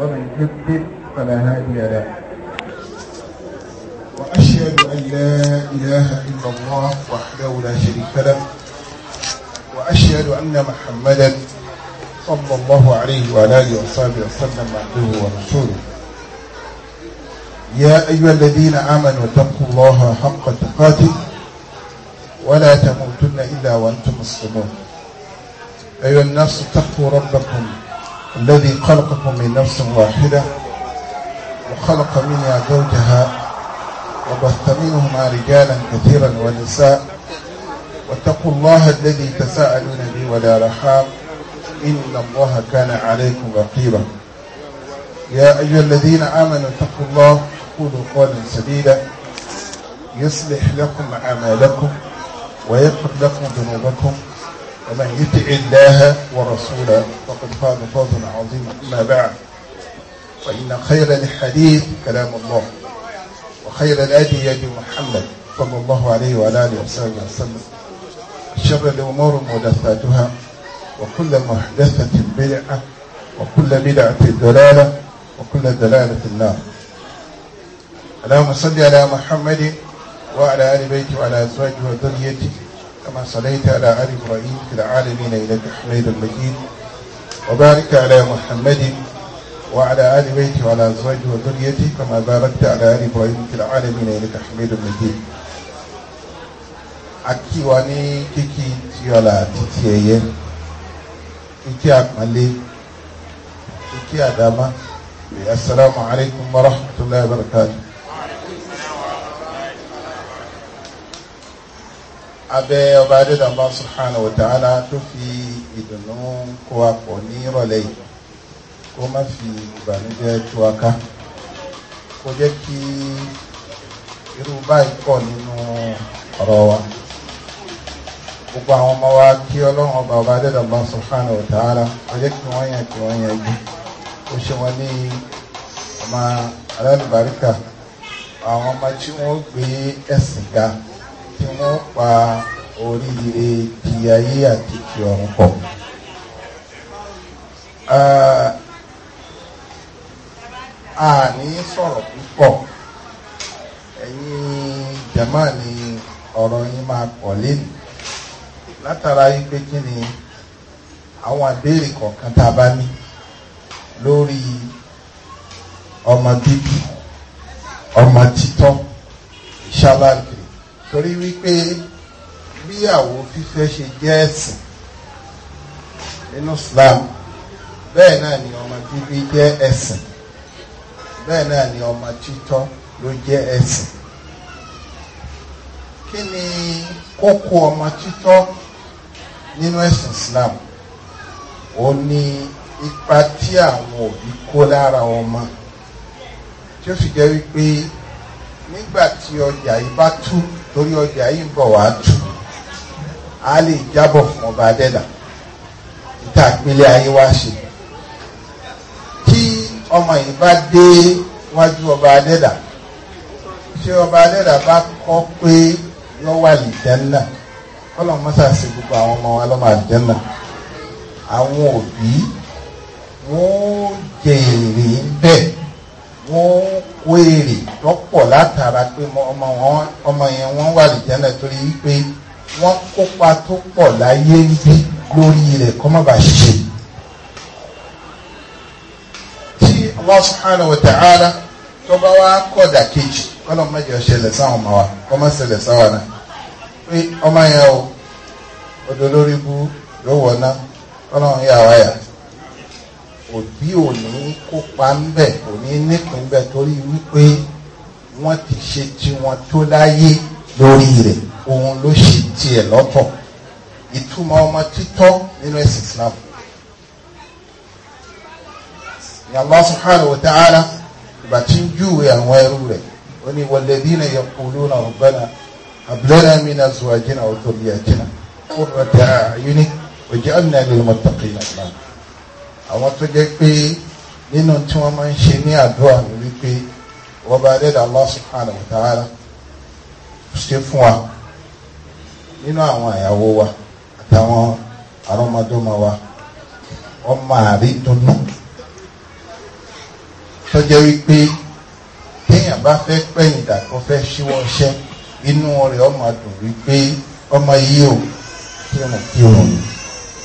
ومن يضلل فلا هادي له وأشهد أن لا إله إلا الله وحده لا شريك له وأشهد أن محمدا صلى الله عليه وعلى آله وصحبه وسلم عبده ورسوله يا أيها الذين آمنوا اتقوا الله حق تقاته ولا تموتن إلا وأنتم مسلمون أيها الناس اتقوا ربكم الذي خلقكم من نفس واحدة وخلق منها زوجها وبث منهما رجالا كثيرا ونساء واتقوا الله الذي تساءلون به ولا رحام إن الله كان عليكم رقيبا يا أيها الذين آمنوا اتقوا الله قولوا قولا سديدا يصلح لكم أعمالكم ويغفر لكم ذنوبكم ومن يطع الله ورسوله فقد فاز فوزا عظيما اما بعد فان خير الحديث كلام الله وخير الهدي هدي محمد صلى الله عليه وعلى اله وصحبه وسلم شر الامور محدثاتها وكل محدثه بدعه وكل بدعه دلاله وكل دلالة النار اللهم صل على محمد وعلى آل بيته وعلى أزواجه وذريته كما صليت على آل إبراهيم في العالمين إنك حميد مجيد وبارك على محمد وعلى آل بيته وعلى أزواجه وذريته كما باركت على آل إبراهيم في العالمين إنك حميد مجيد akí wa ní kíkí tí ọlà títí ẹyẹ kíkí àpọ́nlé kíkí àdámá asalaamualeykum wa rahmatulahi wa barakatuh. abẹ́ ọba adédàmbá subhanahu wa ta'ala tó fi ìdùnnú kó wa pọ̀ ní ìrọ̀lẹ́ yìí kó má fi ìbànújẹ́ tú wa ká kó jẹ́ kí irú báyìí pọ̀ nínú ọ̀rọ̀ wa gbogbo àwọn ọmọ wa kí ọlọ́run ọba ọba adédàmbá subhanahu wa kó jẹ́ kí wọ́n yàn kí wọ́n yàn jù kó ṣe wọn ní ọmọ alálùbáríkà àwọn ọmọ tí wọ́n gbé ẹ̀sìn ga wọ́n pa oríire ti ayé àti ti ọ̀run pọ̀. a ní sọ̀rọ̀ púpọ̀ ẹ̀yin jàmá ni ọ̀rọ̀ yín máa pọ̀ lẹ́nu látara wípé kí ni àwọn àbẹ̀rẹ̀ kọ̀ọ̀kan tá a bá ní lórí ọmọ bíbí ọmọ títọ́ ṣáláàlú torí wípé bíyàwó fífẹ́ ṣe jẹ́ ẹ̀sìn nínú Islam bẹ́ẹ̀ náà ni ọmọ bíbí jẹ́ ẹ̀sìn bẹ́ẹ̀ náà ni ọmọ títọ́ ló jẹ́ ẹ̀sìn kí ni kókó ọmọ títọ́ nínú ẹ̀sìn Islam ó ní ipa tí àwọn òbí kó lára ọmọ tí ó fi jẹ́ wípé nígbà tí ọjà yìí bá tú torí ọjà yìí ń bọ̀ wá tú a lè jábọ̀ fún ọba adẹ́dà níta àpínlẹ̀ ayé wá ṣe tí ọmọ yìí bá dé wájú ọba adẹ́dà ṣé ọba adẹ́dà bá kọ́ pé yọ wà lè jẹ́nà kọ́lọ̀ sí gbogbo àwọn ọmọ wa lọ́mọ àjẹ́nà àwọn òbí wọ́n jèrè bẹ́ẹ̀ wọ́n kó èrè lọ́pọ̀ látara pé ọmọ yẹn wọ́n wà lìjánà torí pé wọ́n kópa tó pọ̀ láyé ń bí lórí rẹ̀ kọ́ má bàa ṣe. tí Allah subhanahu wa ta'ala tó bá wá kọ̀dà kejì kọ́nà mẹ́jọ ṣẹlẹ̀ sáwọn ọmọ wa kọ́ má ṣẹlẹ̀ sáwọn náà pé ọmọ yẹn o odò lórí bú yóò wọ̀ ná kọ́nà yà wáyà òbí ò ní kópa ń bẹ̀ kò ní nípìn bẹ̀ torí wípé wọ́n ti ṣe tiwọn tó láyé lórí rẹ̀ òun ló ṣe tiẹ̀ lọ́tọ̀ ìtumọ̀ ọmọ títọ́ nínú ẹ̀sìn Islam ni Allah subhanahu wa ta'ala ìgbà tí ń júwe àwọn ẹrú rẹ̀ ó ní walladhina yaquluna rabbana hab lana min azwajina wa dhurriyyatina qurrata a'yunin waj'alna lil muttaqina imama àwọn tó jẹ́ pé nínú tí wọ́n máa ń ṣe ní àdúrà ni wípé wọ́n bá dẹ́dà Allah subhanahu wa ta'ala ṣe fún wa nínú àwọn àyàwó wa àtàwọn àrọ́mọdọ́mọ wa wọ́n máa rí dunnú tó jẹ́ wípé téèyàn bá fẹ́ pẹ̀yìndà kó fẹ́ ṣíwọ́ iṣẹ́ inú rẹ̀ ọmọ dùn wípé ọmọ yìí ò kírun kírun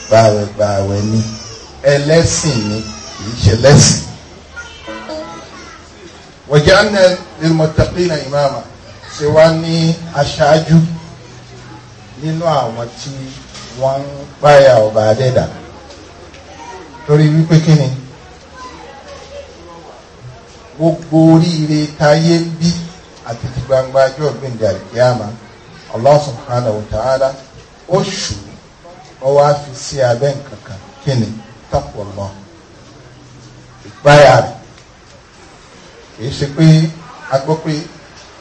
gbààwẹ̀ gbààwẹ̀ ni ẹlẹ́sìn ni kì í ṣe lẹ́sìn. waj'alna lilmuttaqina imama ṣe wá ní aṣáájú nínú àwọn tí wọ́n ń páyà ọba adẹ́dà torí wípé kí ni gbogbo oríire táyé ń bí àti ti gbangba ajọ́ ìgbìndì àlìkíyàmá Allah subhanahu wa ta'ala ó ṣù ọ́ wá sí abẹ́ kí ni taqwallah ìpáyà rẹ̀ kì í ṣe pé a gbọ́ pé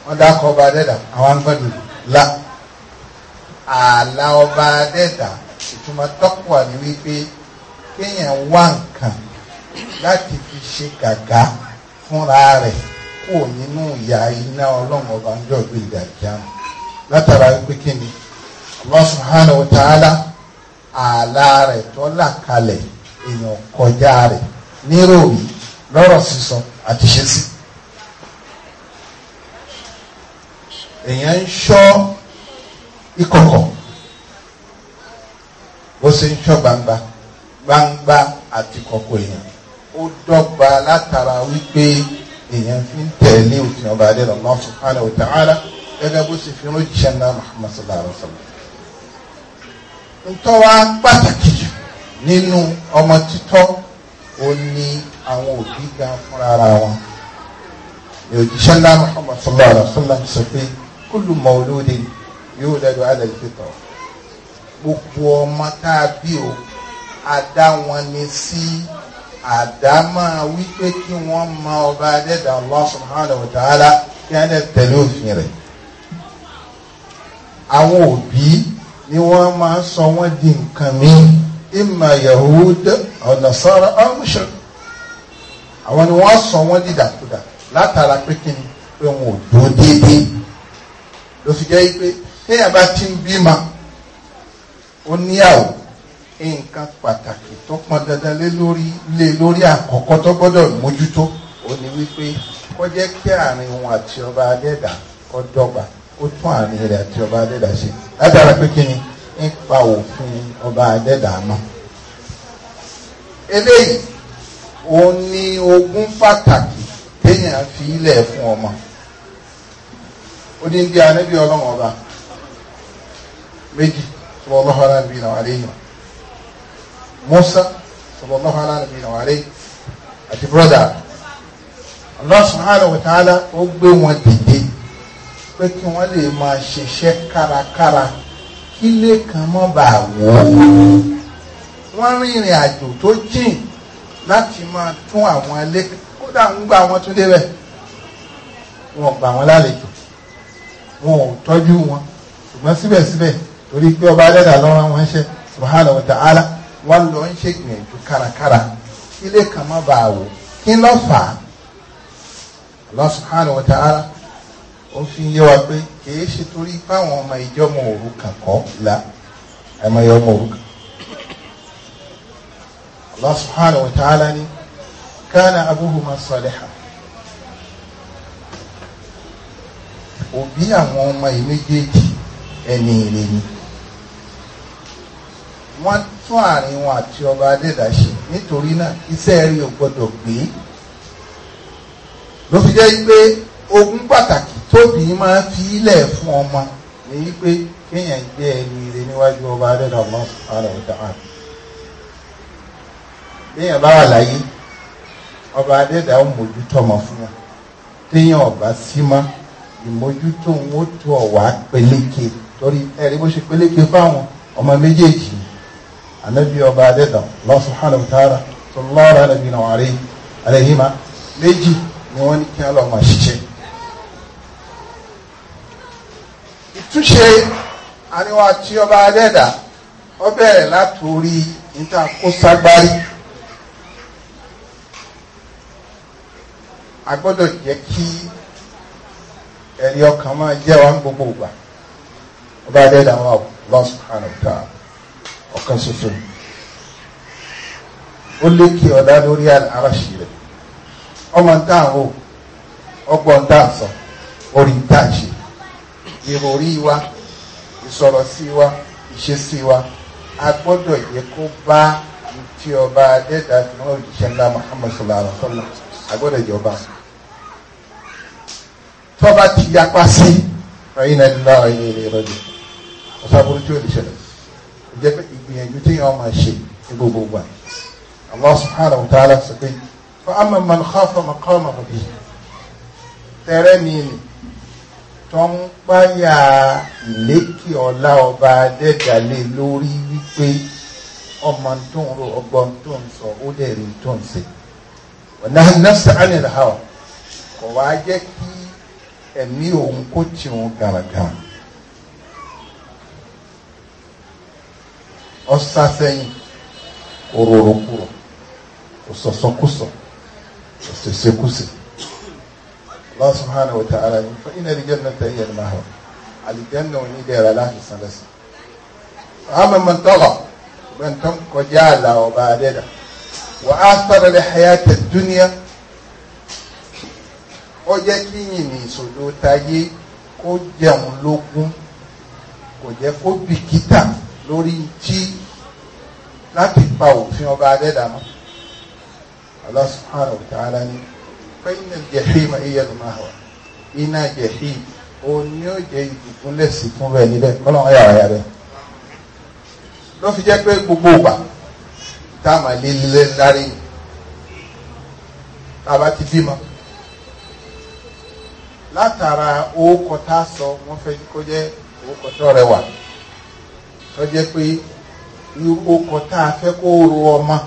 wọ́n dákọ̀ ọba adẹ́dà àwọn agbọ́dọ̀ la ààlà ọba adẹ́dà ìtumọ̀ taqwa ni wípé kéèyàn wá nǹkan láti fi ṣe gàgá fúnra rẹ̀ kò nínú ìyá iná ọlọ́run ọba ń jọ̀gbé ìdàjà látara wípé kí ni Allah subhanahu wa ta'ala ààlà rẹ̀ tó là kalẹ̀ èèyàn kọjá rẹ̀ níròyìn lọ́rọ̀ sísọ àti ṣesí. èèyàn ń ṣọ́ ìkọ̀kọ̀ ó sì ń ṣọ́ gbangba gbangba àti kọ̀kọ̀ èèyàn ó dọ́gba látara wípé èèyàn fi ń tẹ̀lé òfin ọba adéèrè Allah subhanahu wa ta'ala gẹ́gẹ́ bó ṣe fi ń rojìṣẹ́ náà Muhammad sallallahu alaihi wa sallam. ntọ́wá pàtàkì jù nínú ọmọ títọ́ ó ní àwọn òbí gan fúnra ara wọn òjíṣẹ́ ńlá Muhammad sallallahu alaihi wasallam ti sọ pé kullu mawludin yuladu ala al-fitra gbogbo ọmọ tá a bí o a dá wọn ní sí àdámọ́ wípé kí wọ́n mọ ọba adẹ́dàá Allah subhanahu wa ta'ala kí wọ́n lè tẹ̀lé òfin rẹ̀ àwọn òbí ni wọ́n máa ń sọ wọ́n di nǹkan mìíràn ima yahud ọ̀nàsára amuṣe àwọn ni wọ́n sọ wọ́n dìdàkudà látara pé kí ni pé wọn ò dúró déédéé ló fi jẹ́ pé téèyàn bá ti ń bímọ ó níyàwó nǹkan pàtàkì tó pọn dandan lé lórí lé lórí àkọ́kọ́ tó gbọ́dọ̀ mójútó ó ní wípé kó jẹ́ kí àárín wọn àti ọba adẹ́dà kó dọ́gba ó tún àárín rẹ̀ àti ọba adẹ́dà ṣe látara pé kí ni nípa òfin ọba adẹ́dàmọ́ eléyìí òun ni ogún pàtàkì téèyàn fi ilẹ̀ fún ọmọ odindi anabi ọlọ́run ọba méjì sallallahu alaihi wa alihi Musa sallallahu alaihi wa alihi àti brọ́dà Allah subhanahu wa ta'ala ó gbé wọn dìde pé kí wọ́n lè máa ṣiṣẹ́ kárakára kílé kan mọ́ bà wò ó wọ́n rìnrìn àjò tó jìn láti máa tún àwọn ilé kódà ń gba àwọn tún débẹ̀ wọn gbà wọn lálejò wọn ò tọ́jú wọn ṣùgbọ́n síbẹ̀síbẹ̀ torí pé ọba alẹ́dà lọ́wọ́ wọn ṣe subhanahu wa ta'ala wọn lọ ń ṣe gbìyànjú kárakára kílé kan mọ́ bà wò kí ló fà á Allah subhanahu wa ta'ala ó fi yé wa pé kìí ṣe torí báwọn ọmọ ìjọmọ òrukàn kọ́ la àìmọye ọmọ òrukàn. Allah subhanahu wa ta'ala ni kana abuhuma saliha òbí àwọn ọmọ yìí méjèèjì ẹni ire ni wọ́n tún àárín wọn àti ọba adẹ́dà ṣe nítorí náà iṣẹ́ rí o gbọ́dọ̀ gbé ló fi jẹ́ pé ogún pàtàkì tóbi máa fi ilẹ̀ fún ọmọ èyí pé kéèyàn gbé ẹni ire níwájú ọba adẹ́dà Allah subhanahu wa ta'ala béèyàn bá wà láyé ọba adẹ́dà ó mójútó ọmọ fún wọn téèyàn ọba sí mọ́ ìmójútó wọn ó tó ọ̀wá peléke torí ẹ̀rí bó ṣe peléke fáwọn ọmọ méjèèjì ànábì ọba adẹ́dà Allah subhanahu wa ta'ala tó lọ́ọ̀rọ̀ ànábì náà wà rí àlẹ́yìn má méjì ni wọ́n ní kí wọ́n lọ́ọ́ máa ṣiṣẹ́. àtúnṣe àríwá tí ọba adẹ́dà ó bẹ̀rẹ̀ látòrí níta kó ságbárí a gbọ́dọ̀ jẹ́ kí ẹ̀rí ọkàn máa jẹ́ wa ń gbogbo ìgbà ọba adẹ́dà wa Allah subhanahu wa ta'ala ọ̀kan ṣoṣo ó lékè ọ̀dá lórí aráṣì rẹ̀ ọmọ táà ń hò ọgbọ́n sọ orí táà ṣe ìròrí wa ìsọ̀rọ̀ sí wa ìṣesí wa a gbọ́dọ̀ yẹ kó bá tí ọba adẹ́dà náà òjíṣẹ́ ńlá Muhammad sallallahu alaihi wa sallam a gbọ́dọ̀ jẹ ọba tọ́ba ti yapa sí ọ̀yìn náà nílá ọ̀yìn èrè rọ̀jò ọ̀sàbùrù tí ó lè ṣẹlẹ̀ ìjẹ́ pé ìgbìyànjú tí yẹn máa ṣe ní gbogbo wa Allah subhanahu wa ta'ala sọ pé fa amma man khafa maqama rabbihi tẹ̀rẹ́ mi ni tó ń páyà ìlékè ọlá ọba adẹ́gàlẹ̀ lórí wípé ọmọ tó ń ro ọgbọ́n tó ń sọ ó dẹ̀ rí tó ń ṣe ọ̀nà nọ́ọ̀sì ànìláwọ̀ kò wá jẹ́ kí ẹ̀mí òun kó tì òun gàràgàrà ọ̀sà sẹ́yìn òróró kúrò òsọ̀sọ̀kúsọ̀ òṣèṣekúsè. Allah subhanahu wa ta'ala ni fa inna al-jannata hiya al-ma'wa àlìjẹ́nà òní dẹ̀ra láti san lẹ́sìn. Àmọ́ mọ̀ tọ́lọ̀ ṣùgbọ́n tó ń kọjá àlà ọba àdẹ́dà. Wà á sọ̀rọ̀ lẹ́ hayata dúníà. Ó jẹ́ kí yìnyín ìṣòro tayé kó jẹun lógún. Kò jẹ́ kó bìkítà lórí tí láti pa òfin ọba àdẹ́dà mọ́. Allah subhanahu fẹ́yìn jẹ̀hìm ẹ̀yẹ́dùn máa wà iná jẹ̀hìm òun ni ó jẹ́ ìdìkúnlẹ̀ sí fún rẹ̀ níbẹ̀ kọ́lọ́n ọ̀yà ọ̀yà rẹ̀ ló fi jẹ́ pé gbogbo ìgbà tá a máa lé lé lárí ni tá a bá ti bímọ látara orúkọ tá a sọ wọ́n fẹ́ kó jẹ́ orúkọ tó rẹwà tó jẹ́ pé orúkọ tá a fẹ́ kó ro ọmọ.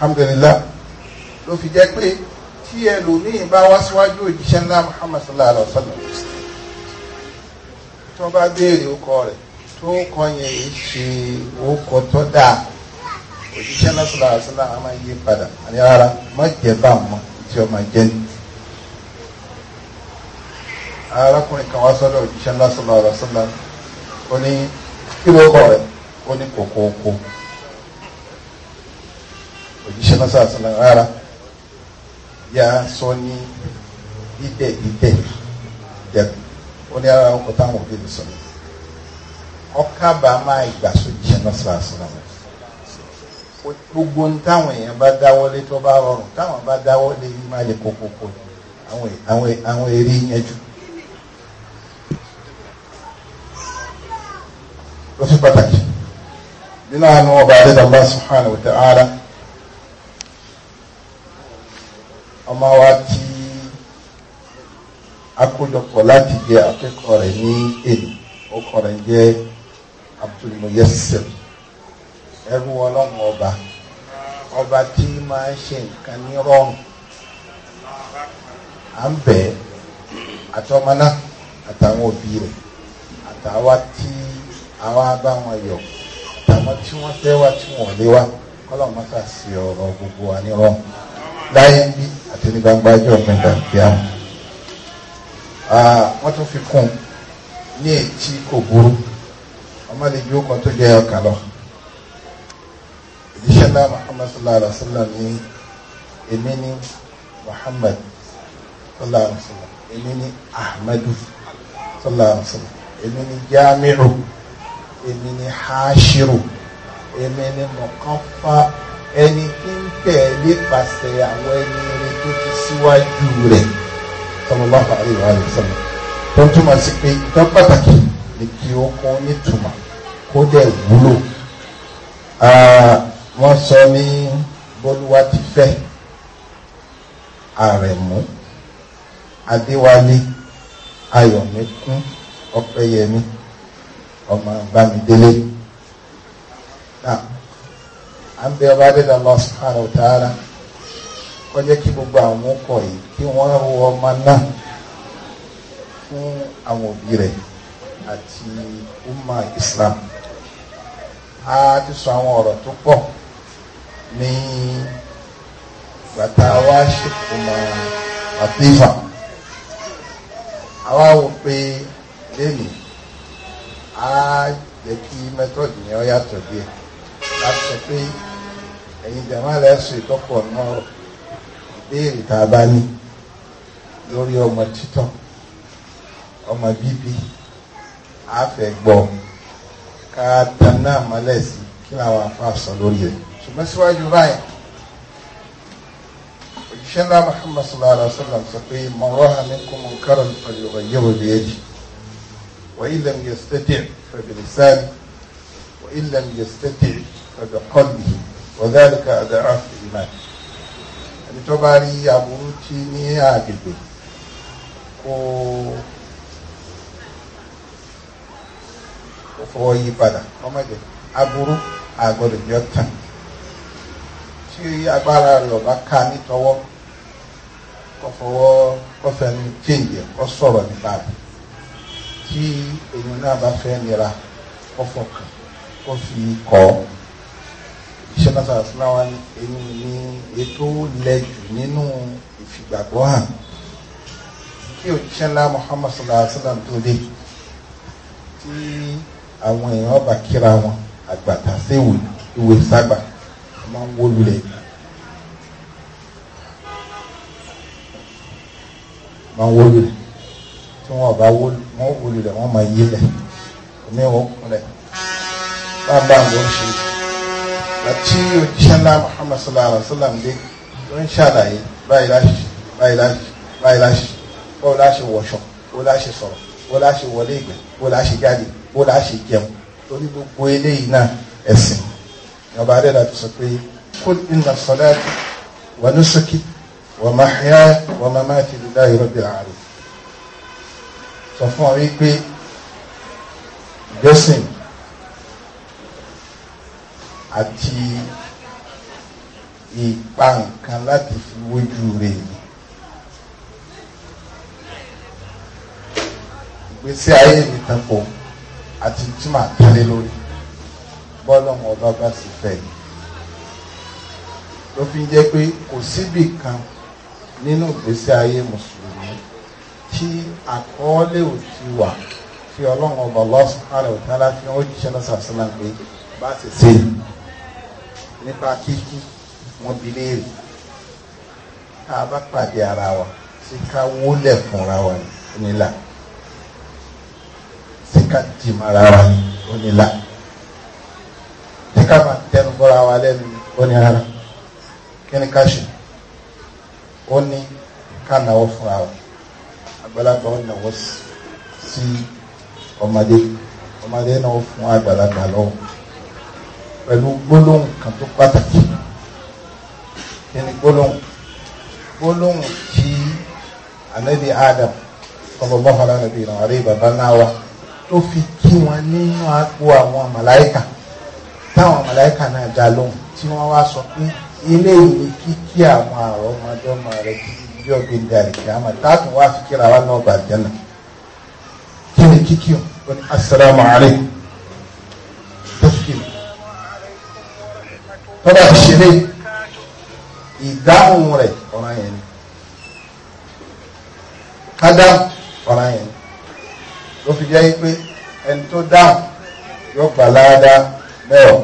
alhamdulillah ló fi jẹ́ pé tí ẹlòmíì bá wá síwájú òjíṣẹ́ ńlá muhammad sallallahu alaihi wa sallam tó bá béèrè ọkọ rẹ̀ tó kọ yẹn yìí ṣe ọkọ tó dáa òjíṣẹ́ ńlá sallallahu alaihi wa sallam a máa yí padà àní rárá má jẹ́ bá wọn tí ó máa jẹ́ ni arákùnrin kan wá sọ́dọ̀ òjíṣẹ́ ńlá sallallahu alaihi wa sallam ó ní kí ló kọ rẹ̀ ó ní kòkòkò. òjíṣẹ́ náà sàṣàlà rárá ya sọ ní dídẹ̀ ó ní ara ọkọ̀ táwọn òbí mi sọ ní ọkábàámà ìgbà sójíṣẹ́ náà sàṣàlà gbogbo táwọn èèyàn bá dáwọ́lé tó bá rọrùn táwọn bá dáwọ́lé yìí má lè kókókó àwọn eré yẹn jù. ló fi pàtàkì nínú àánú ọba adédọ̀lá wa ọmọ wa tí akójọpọ̀ láti jẹ akẹ́kọ̀ọ́ rẹ̀ ní èyí ọkọ rẹ̀ jẹ́ abdulmoyesir ẹrú ọlọ́run ọba ọba tí máa ń ṣe nǹkan ní rọrùn à ń bẹ̀ àtọmọ́ná àtàwọn òbí rẹ̀ àtàwa tí àwa bá wọn yọ̀ àtàwọn tí wọ́n fẹ́ wá tí wọ́n lé wá kọ́lọ́ mọ́ta sí ọ̀rọ̀ gbogbo wa ní rọrùn láyé bí àti ní gbangba ẹjọ́ mẹ́ta ah, kíámù wọ́n tún fi kún ní etí kò burú ọmọ lè ju ọkàn tó jẹ́ ọkàn lọ ìdíṣẹ́ náà muhammad sallallahu alayhi wa sallam ní èmi ní muhammad sallallahu alayhi wa sallam èmi ní ahmadu sallallahu alayhi wa sallam èmi ní jamiu èmi ní hashiru èmi ní mọ̀kànfà ẹni tí ń tẹ̀lé pàṣẹ àwọn ẹni rẹ tó ti síwájú rẹ̀ sallallahu alaihi wa sallam tó ń túmọ̀ sí pé nǹkan pàtàkì ni kí ó kún nítumọ̀ kó dẹ̀ wúlò wọ́n sọ ní bólúwa ti fẹ́ àrẹ̀mú adéwálé ayọ̀mẹ́kún ọpẹ́yẹmí ọmọ bámidélé. Now, à ń bẹ ọba adéda Allah subhanahu wa ta'ala kó jẹ́ kí gbogbo àwọn ọkọ yìí kí wọ́n wọ ọmọ náà fún àwọn òbí rẹ̀ àti umma Islam a ti sọ àwọn ọ̀rọ̀ tó pọ̀ ní bàtà wa ṣèkò mọ́ àbífà àwa wò pé lẹ́yìn a jẹ́ kí mẹ́tọ́dì yẹn ó yàtọ̀ díẹ̀ láti sọ pé ẹ̀yin jàmá lẹ́sùn ìtọ́pọ̀ náà ìbéèrè tá a bá ní lórí ọmọ títọ́ ọmọ bíbí àfẹ́ gbọ́ ká tanná àmọ́lẹ̀ sí kí làwọn afáàsọ lórí ẹ̀ ṣùgbọ́n síwájú báyìí òjíṣẹ́ ńlá Muhammad sallallahu alayhi wa sallam sọ pé man ra'a minkum munkaran falyughayyirhu biyadihi wa in lam yastati' fa bilisanihi wa in lam yastati' fa biqalbihi wọ́dálíkà àdáhàfẹ́ ìmáà ẹni tó bá rí aburú tí ní àgbègbè kó kó fọwọ́ yí padà ọmọdé aburú àgọ́dọ̀ jọ tán tí agbára rẹ̀ ọba ká nítọwọ́ kó fọwọ́ kó fẹnu tíǹjẹ kó sọ̀rọ̀ nípa rẹ̀ tí èèyàn náà bá fẹ́ nira kó fọkàn kó fi kọ́ ìṣẹ́nàṣà síláwá èyí ni ètò lẹ́jù nínú ìfìgbàgbọ́ hàn kí òjíṣẹ́ ńlá Muhammad sallallahu alaihi wa sallam tó dé tí àwọn èèyàn ọba kíra wọn àgbàtà séwò ìwé ságbà máa ń wó lulẹ̀ máa ń wó lulẹ̀ tí wọn ọba wó wọn wó lulẹ̀ wọn máa yí omi wọn kúnlẹ̀ bá a bá àwọn ṣe àti òjíṣẹ́lá Muhammad sallallahu alaihi wa sallam dé ló ń ṣàlàyé báyìí láṣì báyìí láṣì báyìí láṣì báwo láṣì wọṣọ bó láṣì sọ̀rọ̀ bó láṣì wọlé ìgbẹ́ bó láṣì jáde bó láṣì jẹun torí gbogbo eléyìí náà ẹ̀sìn ọba adéla tó sọ pé kul inna salati wa nusuki wa mahyaya wa mamati lillahi rabbil alamin sọ fún ọ wípé jọ́sìn àti ìpa nǹkan láti fi wójú rẹ̀ ni. ìgbésí ayé mi tán kò àti tí màá tẹ́lẹ̀ lórí bọ́lọ́mù ọba bá sì fẹ́ ni. ló fi jẹ́ pé kò síbì kan nínú ìgbésí ayé mùsùlùmí tí àkọọ́lẹ̀ ò ti wà fi ọlọ́run ọba Allah subhanahu wa ta'ala ó jíṣẹ́ náà náà pé bá ti ṣe nípa kíkú wọ́n bi léèrè tá a bá pàdé ara wa ṣé ká wólẹ̀ fúnra wa nílà ṣé ká dìmọ̀ra wa nílà ṣé ká máa tẹnu bọ́ra wa lẹ́nu onírara kí ni ká ṣe ó ní ká náwó fúnra wa àgbàlagbà ó náwó sí ọmọdé ọmọdé náà fún àgbàlagbà lọ́wọ́ pẹ̀lú gbólóhùn kan tó pàtàkì kí ni gbólóhùn gbólóhùn tí anabi adam sallallahu alaihi wa sallam bàbá náà wa tó fi kí wọn nínú àpò àwọn màláìkà táwọn màláìkà náà dá lóhùn tí wọ́n wá sọ pé ilé ìwé kíkí àwọn àrọ́ ọmọdé ọmọ rẹ kí bí ọ̀gbìn dàrí kí a táàtù wá fi kíra wa náà bàjẹ́ náà kí ni kíkí o asalaamualeykum tó bá ti ṣe lé ìdáhùn rẹ̀ ọ̀ràn yẹn ni ká dáhùn ọ̀ràn yẹn ni ló fi jẹ́ pé ẹni tó dáhùn yóò gbà láadáa mẹ́wàá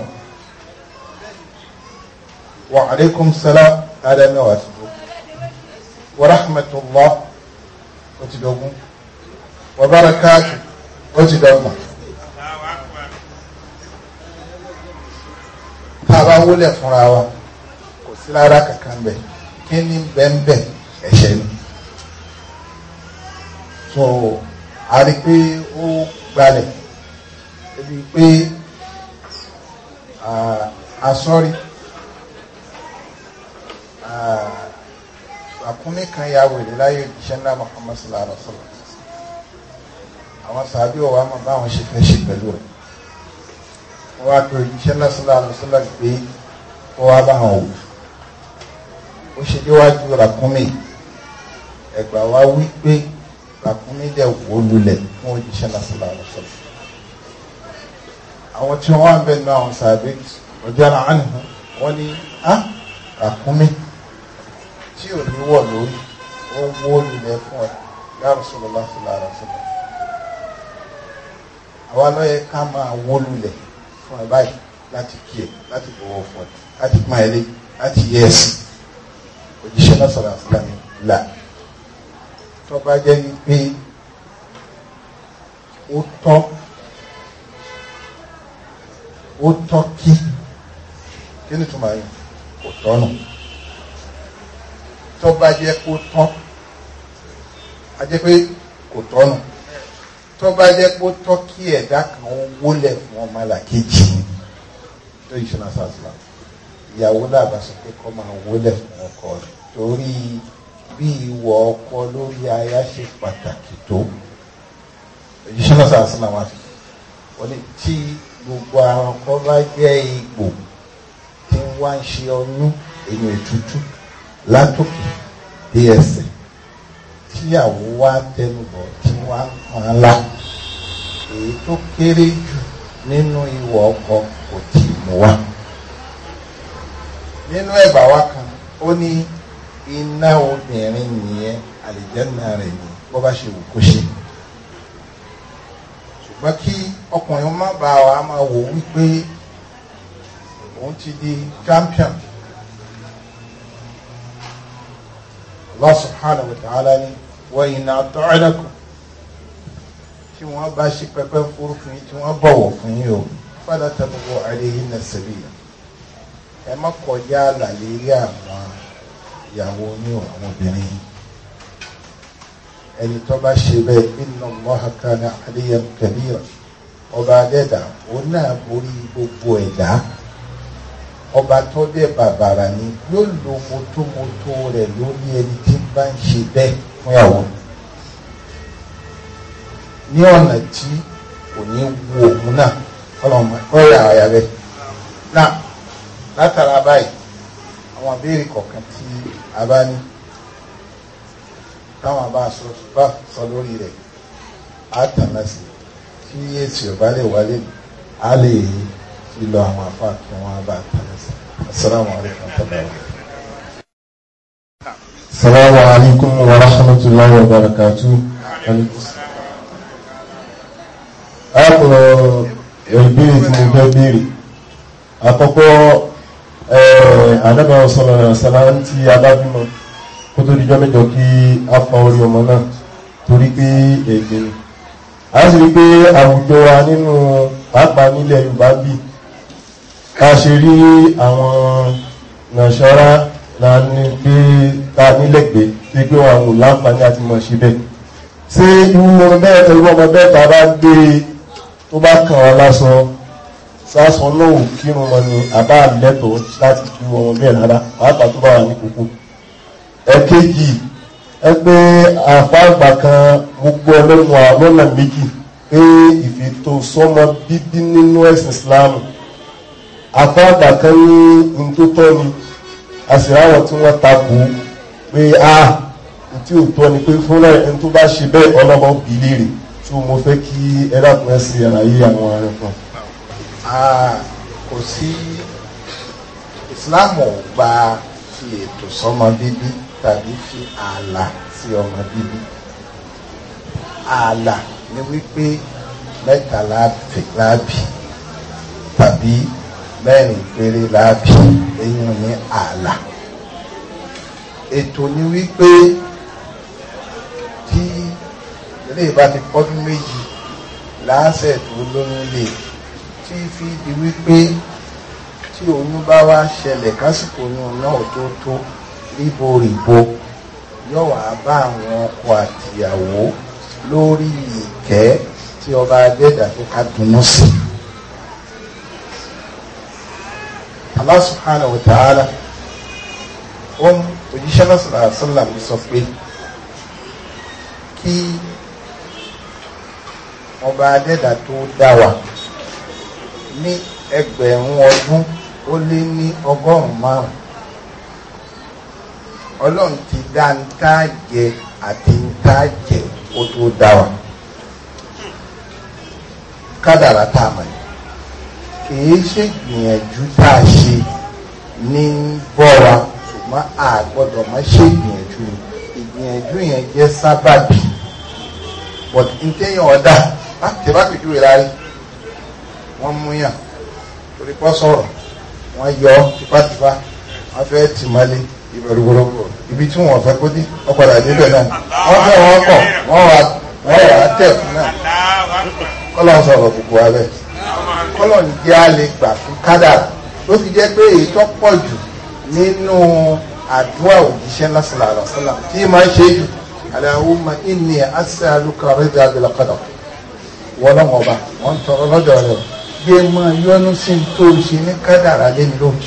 wa aleykum salaam láadáa mẹ́wàá ti dùn wa rahmatulah ó ti dọ̀gún wa barakatu ó ti dọ̀gbọ̀n. bá wólẹ̀ fúnra wa kò sí lára kankan bẹ̀ kí ni bẹ́ẹ̀nbẹ́ẹ̀ ẹ̀ṣẹ̀ ni so a rí pé ó gbalẹ̀ ebi pé asọ́rí àkúnní kan ya wèrè láyé òjíṣẹ́ ńlá Muhammad sallallahu alaihi wa sallam àwọn sàbí ọ̀wá máa bá wọn ṣe fẹ́ ṣe pẹ̀lú rẹ̀ wọ́n á pe òjíṣẹ́ náà sọ́lá àlọ́ sọ́lá pé kó wá bá wọn wò ó ṣe déwájú ràkúnmí ẹgbà wa wí pé ràkúnmí dẹ̀ wò lulẹ̀ fún òjíṣẹ́ náà sọ́lá àlọ́ sọ́lá àwọn tí wọ́n wá ń bẹ̀ nínú àwọn sàbẹ̀ ọjọ́ ara àná wọ́n ní á ràkúnmí tí ò ní wọ̀ lórí ó ń lulẹ̀ fún ẹ̀ yàrá sọ́lá sọ́lá àlọ́ sọ́lá àwa lọ́yẹ ká máa wó lulẹ̀ fún ẹ báyìí láti kí ẹ láti bọ̀wọ̀ fún ẹ láti pọ́n ẹ lé láti yẹ ẹ sí òjíṣẹ́ lásàrà fúlàní là tó bá jẹ́ wípé ó tọ́ ó tọ́ kí kí ni túmọ̀ yẹn kò tọ́nù tó bá kó tọ́ a jẹ́ pé kò tọ́nù tó bá jẹ́ pé ó tọ́ kí ẹ̀dá kan ó wólẹ̀ fún ọmọ làkejì tó ìṣúná sàṣà ìyàwó làbá sọ pé kó máa wólẹ̀ fún ọkọ rẹ̀ torí bí ìwọ ọkọ lórí aya ṣe pàtàkì tó òjíṣẹ́ sàṣà náà wá wọ́n ní tí gbogbo àwọn ọkọ bá jẹ́ ipò tí wá ń ṣe ọyún èèyàn ètútù látòkè dé tíyàwó wá tẹnubọ̀ tí wa kan la èyí tó kéré jù nínú ìwọ ọkọ kò tí mú wa nínú ẹ̀bà wa kan ó ní iná obìnrin nìyẹn àlìjẹ́nà rẹ̀ ni bó bá ṣe wù kó ṣe ṣùgbọ́n kí ọkùnrin má bàa wa máa wò wípé òun ti di champion Allah subhanahu wa ta'ala ni wa in ata'alakum tí wọ́n bá ṣe pẹpẹ fúru fún yín tí wọ́n bọ̀wọ̀ fún yín o fala tabghu alayhinna sabila ẹ má kọjá àlàyé rí àwọn ìyàwó ní àwọn obìnrin ẹni tó bá ṣe bẹ́ẹ̀ inna Allaha kana aliyyan kabira ọba adẹ́dà òun náà borí gbogbo ẹ̀dá ọba tó dé bàbàrà ni yóò lo mọ́tòmọ́tò rẹ̀ lórí ẹni tí bá ń ṣe bẹ́ẹ̀ fún ìyàwó mi ní ọ̀nà tí kò ní wo òun náà ọlọ́mọ ọ̀yà ọ̀yà rẹ̀ náà látara báyìí àwọn abéèrè kọ̀ọ̀kan tí a bá ní táwọn bá sọ bá sọ lórí rẹ̀ á tànà sí kí èsì ọ̀bá lè wálé á lè fi lọ àwọn afá kí wọ́n bá tànà sí. asalaamualeykum tàbí. salaamualeykum wa rahmatulahi wa barakatuh àpò ìbéèrè tí mo fẹ́ béèrè àkọ́kọ́ àdábà ọ̀sọ̀rọ̀ ṣàlá tí a bá bímọ kó tó dijọ́ mẹ́jọ kí a fa orí ọmọ náà torí pé ègbè a sì rí pé àwùjọ wa nínú pàápàá nílẹ̀ Yorùbá bí ká ṣe rí àwọn nàṣọ́rá la ní pé ta nílẹ̀gbẹ́ tí pé wọn àwọn láǹfààní àti mọ̀ síbẹ̀ ṣé irú ọmọ bẹ́ẹ̀ tẹ̀lé ọmọ bẹ́ẹ̀ ta bá gbé tó bá kàn wá lásán sásán náà kírun wọn ni àbá lẹ́tọ̀ọ́ láti kí wọn bẹ́ẹ̀ rárá pàápàá tó bá wà ní kókó ẹ̀kejì ẹ pé àfáàgbà kan gbogbo ọlọ́run àlọ́nà méjì pé ìfètò sọ́mọ bíbí nínú ẹ̀sìn Islam àfáàgbà kan ní ohun tó tọ́ ni àṣìráwọ̀ tí wọ́n takò pé a ah, tí ò tọ́ ni pé fúnra ẹni tó bá ṣe bẹ́ẹ̀ ọlọ́mọ bìlérè tó mo fẹ́ kí ẹ dákun ẹ sí àlàyé àwọn ààrẹ kan. kò sí Islam ò gba fi ètò sọmọ bíbí tàbí fi ààlà sí ọmọ bíbí ààlà ni wípé mẹ́ta láàbì tàbí mẹ́rin péré láàbì eyín ní ààlà ètò ni wípé eléyìí bá ti pọ́dún méjì láàṣẹ tó lóyún lè tí fi di wípé tí oyún bá wá ṣẹlẹ̀ kásìkò oyún náà tó tó ríbo ríbo yóò wá bá àwọn ọkọ àtìyàwó lórí ìkẹ́ tí ọba adẹ́dà tó ká dunnú sí. Allah subhanahu wa ta'ala ó ń òjíṣẹ́ náà sọ̀rọ̀ àṣọ́là sọ pé kí ọba adẹ́dà tó dá wa ní ẹgbẹ̀rún ọdún ó lé ní ọgọ́rùn-ún márùn-ún ọlọ́run ti dá ń tá jẹ àti ń tá jẹ ó tó dá wa kádàrá tá a mọ̀ ní kìí ṣe gbìyànjú tá a ṣe ní bọ́ra ṣùgbọ́n a gbọ́dọ̀ má ṣe gbìyànjú ìgbìyànjú yẹn jẹ́ sábàbí but ntẹ́yìn ọ̀dà. Ah, tẹ̀bá pèjúwe láàyè wọ́n mú yàn torí pọ́ sọ̀rọ̀ wọ́n yọ tipátipá wọ́n fẹ́ tì mọ́lé ìbẹ̀rù gbọ́dọ̀gbọ̀ ibi tí wọ́n fẹ́ kó dé ọ̀padà níbẹ̀ náà wọ́n fẹ́ wọ́n kọ̀ wọ́n wà wọ́n wà á tẹ̀ fún náà kọ́lọ́ sọ̀rọ̀ gbogbo abẹ́ kọ́lọ́ ní jẹ́ alẹ́ gbà fún kádàrà ló fi jẹ́ pé èyí tó pọ̀ jù nínú àdúrà òjíṣẹ́ lásìlà àlàsílà tí màá ṣe jù Allahumma inni as'aluka ridha bil qadar wọlọ́wọ́ ọba wọ́n tọrọ lọ́dọ̀ rẹ̀ gbé mọ yọnu sí tó ṣe ní kádàrá lẹ́nu lóhùn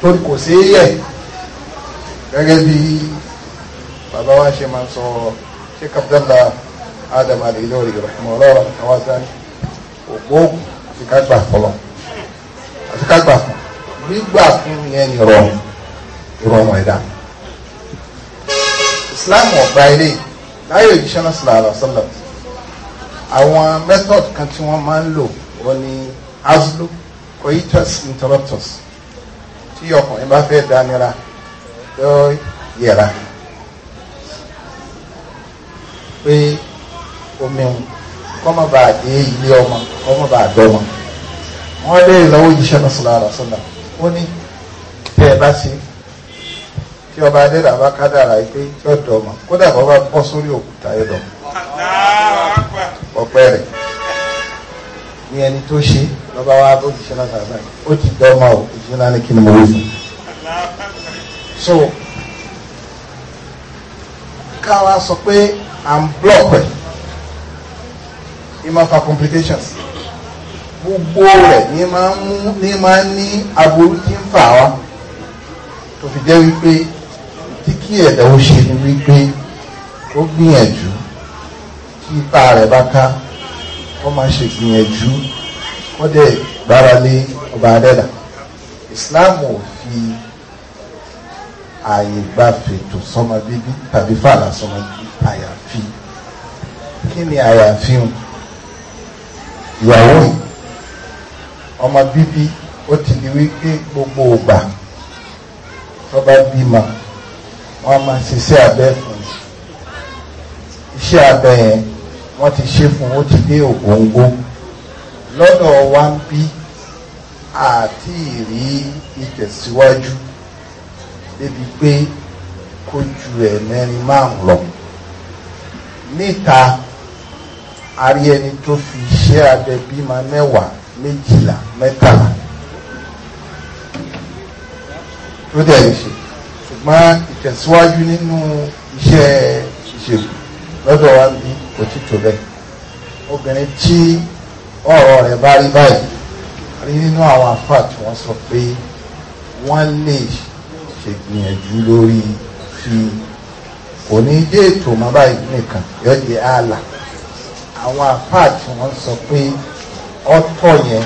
torí kò sí yẹ gẹ́gẹ́ bí bàbá wa ṣe máa ń sọ ṣé kápẹ́lá adam àdìgbò rẹ̀ rẹ̀ ọlọ́rọ̀ àwọn sáré òpó àti kágbà fọlọ́ àti kágbà fún gbígbà fún yẹn ni rọrùn rọrùn ẹ̀dá Islam ọ̀gbà eléyìí láyé òjíṣẹ́ náà sọ̀rọ̀ àlọ́ sọ́lọ̀ àwọn method kan tí wọ́n máa ń lò wọ́n ní aslo coitus interruptus tí ọkùnrin bá fẹ́ dánira yóò yẹra pé omi kọ́mọ bá dé ilé ọmọ kọ́mọ bá dọ́mọ wọ́n lé ìlọ́wọ́ òjíṣẹ́ náà sọ̀rọ̀ àlọ́ sọ́lọ̀ ó ní tẹ́ ẹ bá ṣe tí ọba adéda bá kádàrà yìí pé tí ọdọ ọmọ kódà bọ́ bá bọ́ sórí òkúta yìí lọ. ọpẹ́ rẹ̀ ní ẹni tó ṣe lọ́ba wa bó ti ṣe náà sàgbà yìí ó ti dọ́ ọmọ òkúta náà ní kí ni mo wí fún un. so sọ pé i'm blocked it ma fa complications gbogbo rẹ̀ ní máa ń ní aburú tí ń fà wá tó fi jẹ́ wípé tí kí ẹ̀dá ó ṣe ni wípé ó gbìyànjú tí ipá rẹ̀ bá ká kó máa ṣe gbìyànjú kó dẹ̀ gbára lé ọba adẹ́dà Islam ò fi ààyè gba fètò sọmọ bíbí tàbí fàlà sọmọ bíbí àyàfi kí ni àyàfi ń ìyàwó yìí ọmọ bíbí ó ti di wípé gbogbo ògbà tó bímọ wọ́n máa ṣiṣẹ́ abẹ fún iṣẹ́ abẹ yẹn wọ́n ti ṣe fún ó ti dé ògóńgó lọ́dọ̀ wa ń bí àti ìrí ìtẹ̀síwájú débi pé kó ju ẹ̀mẹ́rin márùn lọ níta arí ẹni tó fi iṣẹ́ abẹ bímọ mẹ́wàá méjìlá mẹ́tàlá tó dẹ̀ ń ṣe mọ́ ìtẹ̀síwájú nínú iṣẹ́ ìṣèlú lọ́dọ̀ wa ní òtítọ́ bẹ́ẹ̀ obìnrin tí ọ̀rọ̀ rẹ̀ bá rí báyìí rí nínú àwọn àfáà tí wọ́n sọ pé wọ́n lè ṣègbìyànjú lórí fi kò ní dé ètò mọ́ báyìí nìkan yóò ààlà àwọn àfáà tí wọ́n sọ pé ọ̀tọ̀ yẹn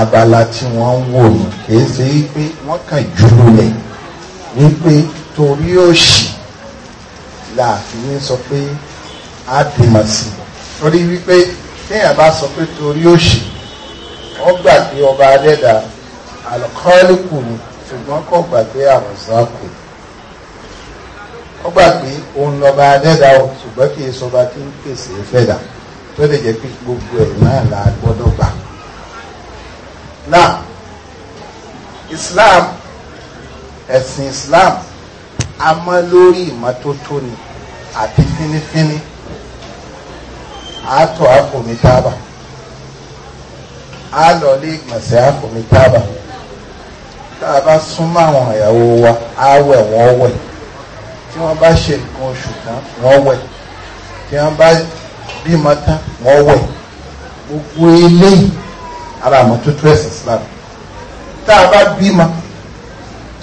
abala tí wọ́n ń wò ní kì í ṣe wípé wọ́n kàn jù lulẹ̀ wípé torí òṣì la fi sọ pé a bímọ sí i torí wípé téèyàn bá sọ pé torí òṣì wọ́n gbàgbé ọba adẹ́dà àlọ́kọ́lùkù ni ṣùgbọ́n kò gbàgbé àròsáàkù wọ́n gbàgbé òun lọ́ba adẹ́dà o ṣùgbọ́n kì í sọba tí ń pèsè fẹ́dà tó lè jẹ́ pé gbogbo ẹ̀ náà la gbọ́dọ̀ gbà. now Islam ẹ̀sìn Islam a mọ́ lórí ìmọ́tótó ni àti fínífíní a tọ̀ àkòmí tábà a lọ lé ìgbọ̀nsẹ̀ àkòmí tábà tá a bá súnmọ́ àwọn ìyàwó wa á wẹ̀ wọ́n wẹ̀ tí wọ́n bá ṣe nǹkan oṣù tán wọ́n wẹ̀ tí wọ́n bá bímọ tán wọ́n wẹ̀ gbogbo eléyìí ara àmọ́tótó ẹ̀sìn Islam tá a bá bímọ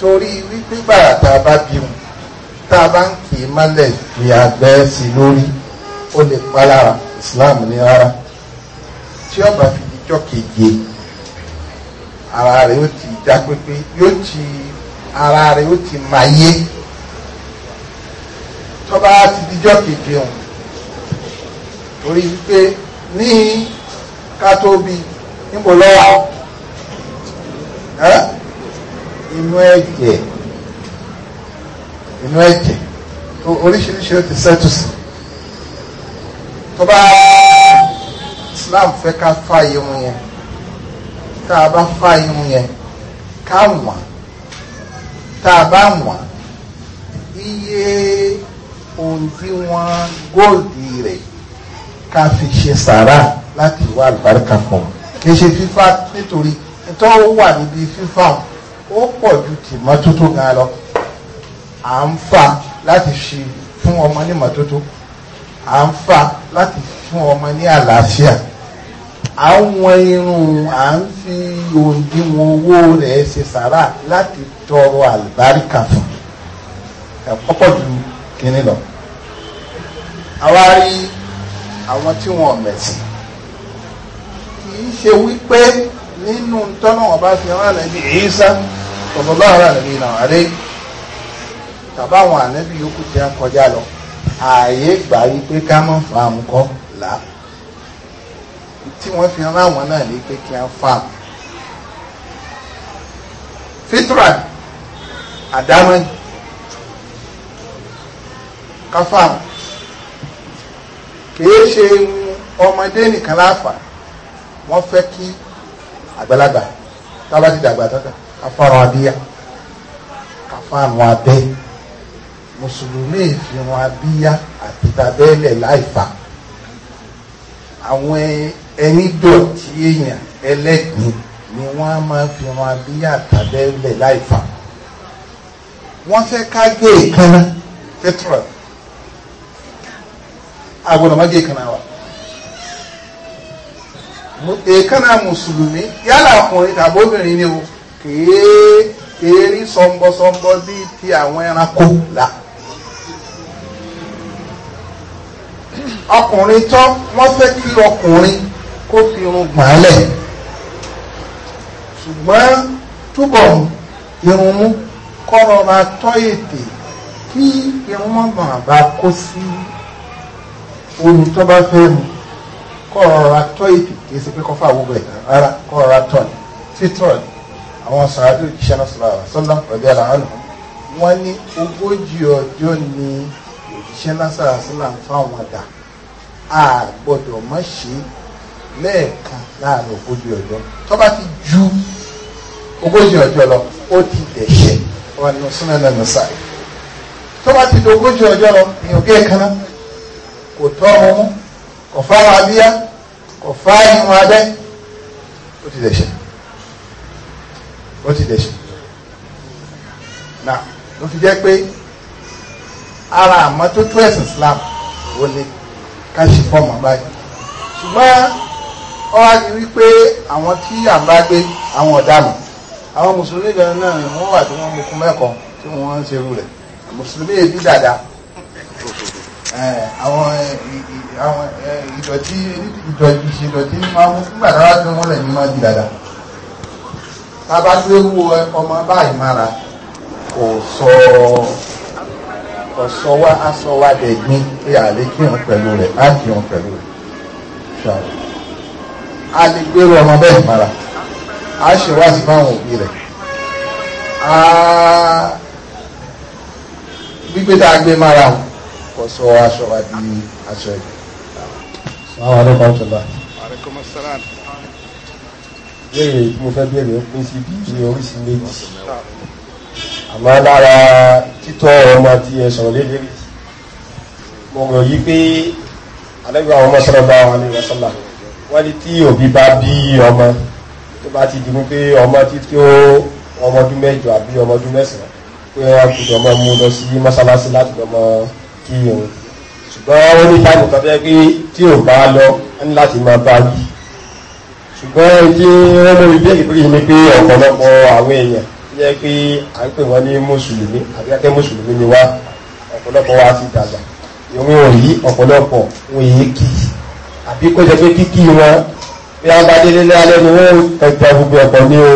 torí wípé gbàrà tá a bá bí tá a bá ń kì í mọ́lẹ̀ ní àgbẹ̀ sí lórí ó lè pa lára Islam ní rárá tí ọba fi dijọ́ keje ara rẹ̀ ó ti já pépé yóò ti ara rẹ̀ ó ti máa yé tọ́ba ti dijọ́ keje hàn torí wípé ní ká tó níbo lọ́wọ́ inú ẹ̀jẹ̀ inú ẹ̀jẹ̀ oríṣiríṣi ó ti sẹ́tù sí tó bá Islam fẹ́ ká fà irun yẹn tá a bá fà irun yẹn ká wọ̀n tá a bá wọ̀n iye ohun tí wọ́n góòdì rẹ̀ ká fi ṣe sàrà láti wá àlùbáríkà pọ̀ kì í ṣe fífà nítorí nítorí wà níbi fífà ọ̀hún ó pọ̀ ju tìmọ́tótó gan lọ à ń fà láti ṣe fún ọmọ ní mọ́tótó à ń fà láti fún ọmọ ní àlàáfíà à ń wọn irun à ń fi òǹdíwọ̀n owó rẹ̀ ṣe sàrà láti tọrọ àlùbáríkà fún ẹ̀kọ́ pọ̀ ju kínní lọ àwa rí àwọn tí wọn mẹ̀sìn kì í ṣe wípé nínú tọ́nà ọba fi hàn lẹ́bi èyí sá ọ̀bọ̀bá ara rẹ̀ nà àárẹ̀ tàbá àwọn ànábì yòókù tí wọ́n kọjá lọ ààyè gbà wípé ká mọ̀ fa àwọn kọ́ là tí wọ́n fi rán àwọn náà ní pé kí wọ́n fa fitra àdámọ́ káfà kìí ṣe ọmọdé nìkan láàfà wọ́n fẹ́ kí àgbàlagbà tábà ti dàgbà tọ́ka afárá abíyá káfáàrùn abẹ́ mùsùlùmí ìfihàn abíyá àti tabẹ́lẹ̀ láìfà àwọn ẹni dọ̀tí èèyàn ẹlẹ́gbìn ni wọ́n á máa fi ran abíyá àtàbẹ́lẹ̀ láìfà wọ́n fẹ́ ká gbé ìkànnà fẹ́tọ̀rọ̀ agbọ́dọ̀ má gé ìkànnà wa èèkànnà mùsùlùmí yálà ọkùnrin tàbí obìnrin ni o kèé kèé rí sọmbọsọmbọ bíi ti àwọn ẹranko là. ọkùnrin tó wọ́n fẹ́ kí ọkùnrin kó fi irun gbàálẹ̀ ṣùgbọ́n túbọ̀ irun mú kọ́rọ̀ máa tọ́ ètè kí irun mọ́gbọ̀n àbá kó sí omi tó bá fẹ́ mu kọ́rọ̀ ra tọ́ ètè kì í ṣe pé kọ́ fà wúgbẹ̀ rárá kọ́rọ̀ ra tọ́ ni títọ́ ni àwọn sàádù ìṣẹ́nà sàlá rẹ̀bí àlàánù wọ́n ní ogójì ọjọ́ ni ìṣẹ́nà sàlá fáwọn àdá a gbọ́dọ̀ má ṣe lẹ́ẹ̀kan láàrin ogójì ọjọ́ tó bá ti ju ogójì ọjọ́ lọ ó ti dẹ̀ṣẹ̀ wọn ni súnmọ́ ẹ̀ lẹ́nu sáré tó bá ti di ogójì ọjọ́ lọ ní òkè kaná kò tọ́ ọmú kò fáwọn abíyá kò fáwọn abẹ́ ó ti dẹ̀ṣẹ̀ ó ti dẹ̀ṣẹ̀ náà ló fi jẹ́ pé ara àmọ́tótó ẹ̀sìn Islam ò ní ká ṣe fọ́ọ̀mù báyìí ṣùgbọ́n ó wá di wípé àwọn tí à ń bá gbé àwọn ọ̀daràn àwọn mùsùlùmí gan náà wọ́n wà tí wọ́n mú kún mẹ́kọ̀ọ́ tí wọ́n ń ṣerú rẹ̀ mùsùlùmí èbí dáadáa àwọn ìdọ̀tí ìdọ̀tí ìṣèdọ̀tí máa mú fúngbà rárá tí wọ́n lẹ̀ ní máa di dáadáa tába tí ó wo ọmọ báyìí mára kò sọ ọ̀sọ́ wa aṣọ wa dẹ̀gbin pé àlè kí wọn pẹ̀lú rẹ̀ á kí wọn pẹ̀lú rẹ̀ ṣàlù a lè gbèrò ọmọ bẹ́ẹ̀ mára a ṣe wá sí fáwọn òbí rẹ̀ a gbígbé tá a gbé mára kò sọ aṣọ wa di aṣọ ẹ̀gbẹ́. sàwọn àdókòwò tó bá. àrèkọ́mọ́sálàmù ìbéèrè tí mo fẹ́ béèrè ó pín sí bí oríṣi méjì àmọ́ lára títọ́ ọmọ tí ẹ sọ̀rọ̀ lé lérí mo rò yí pé alẹ́gbẹ̀ẹ́ àwọn ọmọ sọ̀rọ̀ bá wọn ní ìwọ̀sọ́là wọ́n ní tí òbí bá bí ọmọ tó bá ti di wípé ọmọ títí ó ọmọ ọdún mẹ́jọ àbí ọmọ ọdún mẹ́sàn-án pé wọ́n gbọ́dọ̀ máa mú lọ sí mọ́sálásí láti lọ mọ kí irun ṣùgbọ́n wọ́n ní táìmù kan fẹ́ pé tí ò bá lọ wọ́n láti máa bá wí ṣùgbọ́n tí wọ́n mú ìbéèrè pé ní pé ọ̀pọ̀lọpọ̀ àwọn èèyàn yẹ pé à ń pè wọ́n ní mùsùlùmí àbí akẹ́ mùsùlùmí ni wá ọ̀pọ̀lọpọ̀ wa ti dàgbà ìwé òyí ọ̀pọ̀lọpọ̀ wọn èyí kì í àbí kó jẹ́ pé kíkí wọn bí wọ́n bá délé ní alẹ́ ni wọ́n tẹ̀tẹ̀ gbogbo ẹ̀kọ́ ní o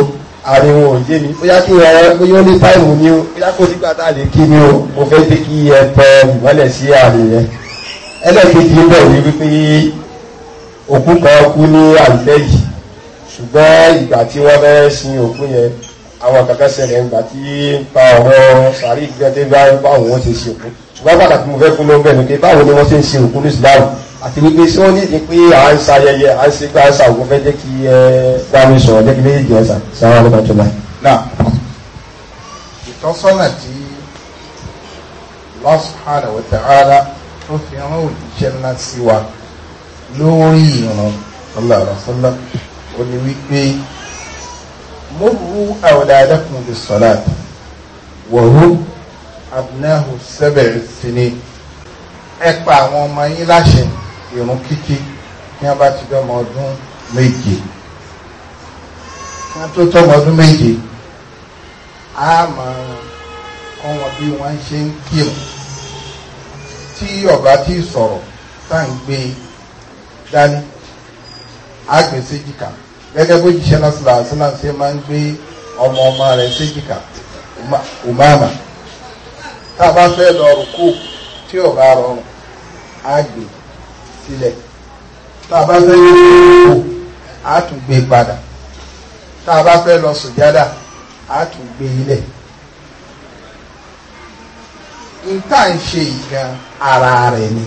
àárín wọn ò yé mi bóyá kí ẹ bóyá ó ní táìmù ni o bóyá kó nígbà tá a lè kí ni o mo fẹ́ dé kí ẹ tẹ ìmọ́lẹ̀ sí àárín rẹ ẹlẹ́ẹ̀kejì ń bẹ̀ wí wípé òkú kan kú ní àìpẹ́ yìí ṣùgbọ́n ìgbà tí wọ́n fẹ́ sin òkú yẹn àwọn kankan ṣẹlẹ̀ ìgbà tí pa ọ̀rọ̀ sàrí ìgbẹ́tẹ́ bá ń bá òun ṣe sin òkú ṣùgbọ́n pàtàkì mo fẹ́ fún lọ́gbẹ́ mi pé báwo ni wọ́n ṣe ń sin òkú ní Islam àti wípé sí wọ́n nídìí pé à ń ṣayẹyẹ à ń ṣe gbá ṣà òun fẹ́ jẹ́ kí ẹ bá mi sọ̀rọ̀ jẹ́ kí méjèèjì ẹ sà sáwọn ọdún kan tó bá. náà ìtọ́sọ́nà tí Allah subhanahu wa ta'ala tó fi hàn òjíṣẹ́ ńlá sí wa ó ní wípé mọ́rú awladakum bis-salat wa hum abnahu sab'i sinin ẹ pa àwọn ọmọ yín láṣẹ ìrun kíkí kí wọ́n bá ti dọ́mọ ọdún méje kí wọ́n tó tọ́mọ ọdún méje á máa kọ́ wọn bí wọ́n ṣe ń kírun tí ọba ti sọ̀rọ̀ tá à ń gbé dání á jìkà gẹ́gẹ́ bó jíṣẹ́ náà sílá sílá ṣe máa ń gbé ọmọ ọmọ rẹ̀ séjìká umama tá a bá fẹ́ lọ rùkú tí ò bá rọrùn á gbé sílẹ̀ tá a bá fẹ́ lọ rùkú á tún gbé padà tá a bá fẹ́ lọ sùjádà á tún gbé ilẹ̀ nta ń ṣe ìgan ara rẹ̀ ni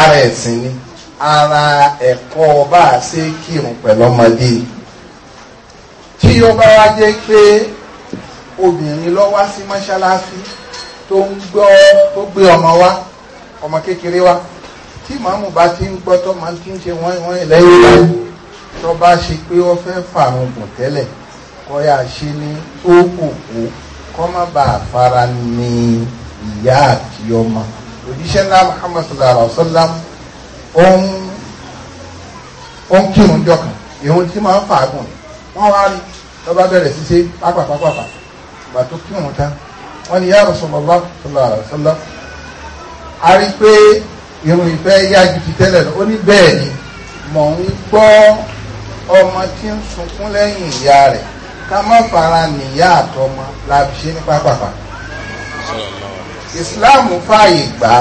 ara ẹ̀sìn ni ara ẹ̀kọ́ bá a ṣe kírun pẹ̀lú ọmọdé tí ó bá wá jẹ́ pé obìnrin lọ wá sí mọ́ṣáláṣí tó ń gbọ́ tó gbé ọmọ wá ọmọ kékeré wá tí màmú bá ti ń gbọ́ tó máa ti ń ṣe wọ́n wọ́n lẹ́yìn báyìí tó bá ṣe pé wọ́n fẹ́ fàrùn gùn tẹ́lẹ̀ kọ́ yà ṣe ní tó kòkó kọ́ má bàa fara ní ìyá àti ọmọ òjíṣẹ́ ńlá Muhammadu sallallahu alaihi wa sallam òun òun kírun jọkàn ìhun tí máa ń fàágùn wọ́n wá rí lọ́ba bẹ̀rẹ̀ sí ṣe pápápápápá ìgbà tó kírun tán wọ́n ní ya Rasulullah sallallahu alaihi wasallam a rí pé irun ìfẹ́ yá ju ti tẹ́lẹ̀ lọ ó ní bẹ́ẹ̀ ni mò ń gbọ́ ọmọ tí ń sunkún lẹ́yìn ìyá rẹ̀ ká má fara nìyá àtọmọ la ṣe ní pápápá ìsìláàmù fààyè gbà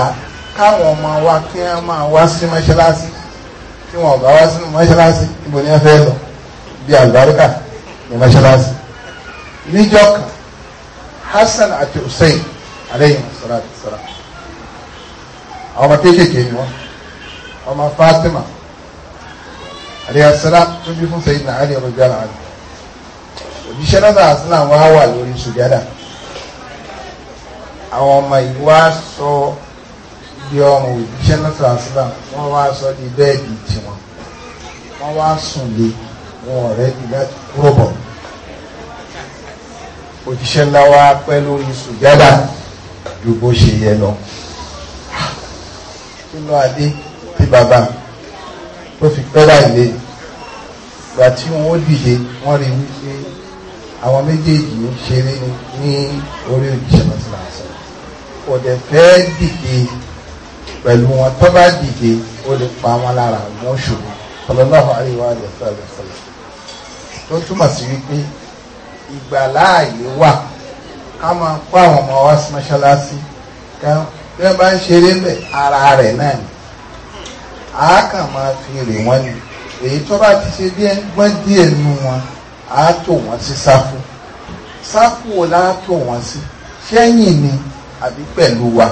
káwọn ọmọ wa kí wọ́n máa wá sí mọ́ṣáláṣí tí wọ́n bá wá sí mọ́ṣáláṣí ibo ni wọ́n fẹ́ lọ bí àlùbáríkà ní mọ́ṣáláṣí níjọ́ kan Hassan àti Hussein aleyhi salatu salam àwọn ọmọ kéékèèké ni wọ́n ọmọ Fatima aleyhi salam tó bí fún Sayyidina Ali ọmọdé aláàbò òjíṣẹ́ náà sàásìlà wọn á wà lórí sùjádà àwọn ọmọ yìí wá sọ. So, bí ọrùn òjíṣẹ́ náà sàásìlà wọ́n wá sọ di bẹ́ẹ̀dì tiwọn wọ́n wá sùn lé wọn ọ̀rẹ́ di láti kúrò bọ̀ òjíṣẹ́ ńlá wa pẹ́ lórí sùjádà ju bó ṣe yẹ lọ kí ló adé tí bàbá tó fi pẹ́ báyìí lé ìgbà tí wọ́n dìde wọ́n rí wípé àwọn méjèèjì ń ṣeré ní orí òjíṣẹ́ náà sàásìlà ọ̀dẹ̀ fẹ́ dìde pẹ̀lú wọn tó bá dìde ó lè pa wọn lára wọn ṣòro sallallahu alaihi wa sallam tó túmọ̀ sí wípé ìgbàláàyè wà ká máa kó àwọn ọmọ wa sí mọ́ṣáláṣí ká bí wọ́n bá ń ṣeré ń bẹ̀ ara rẹ̀ náà ni a kàn máa fi rè wọ́n ni èyí tó bá ti ṣe díẹ̀ gbọ́n díẹ̀ nu wọn a tò wọ́n sí sáfù sáfù wo la tò wọ́n sí sẹ́yìn ni àbí pẹ̀lú wa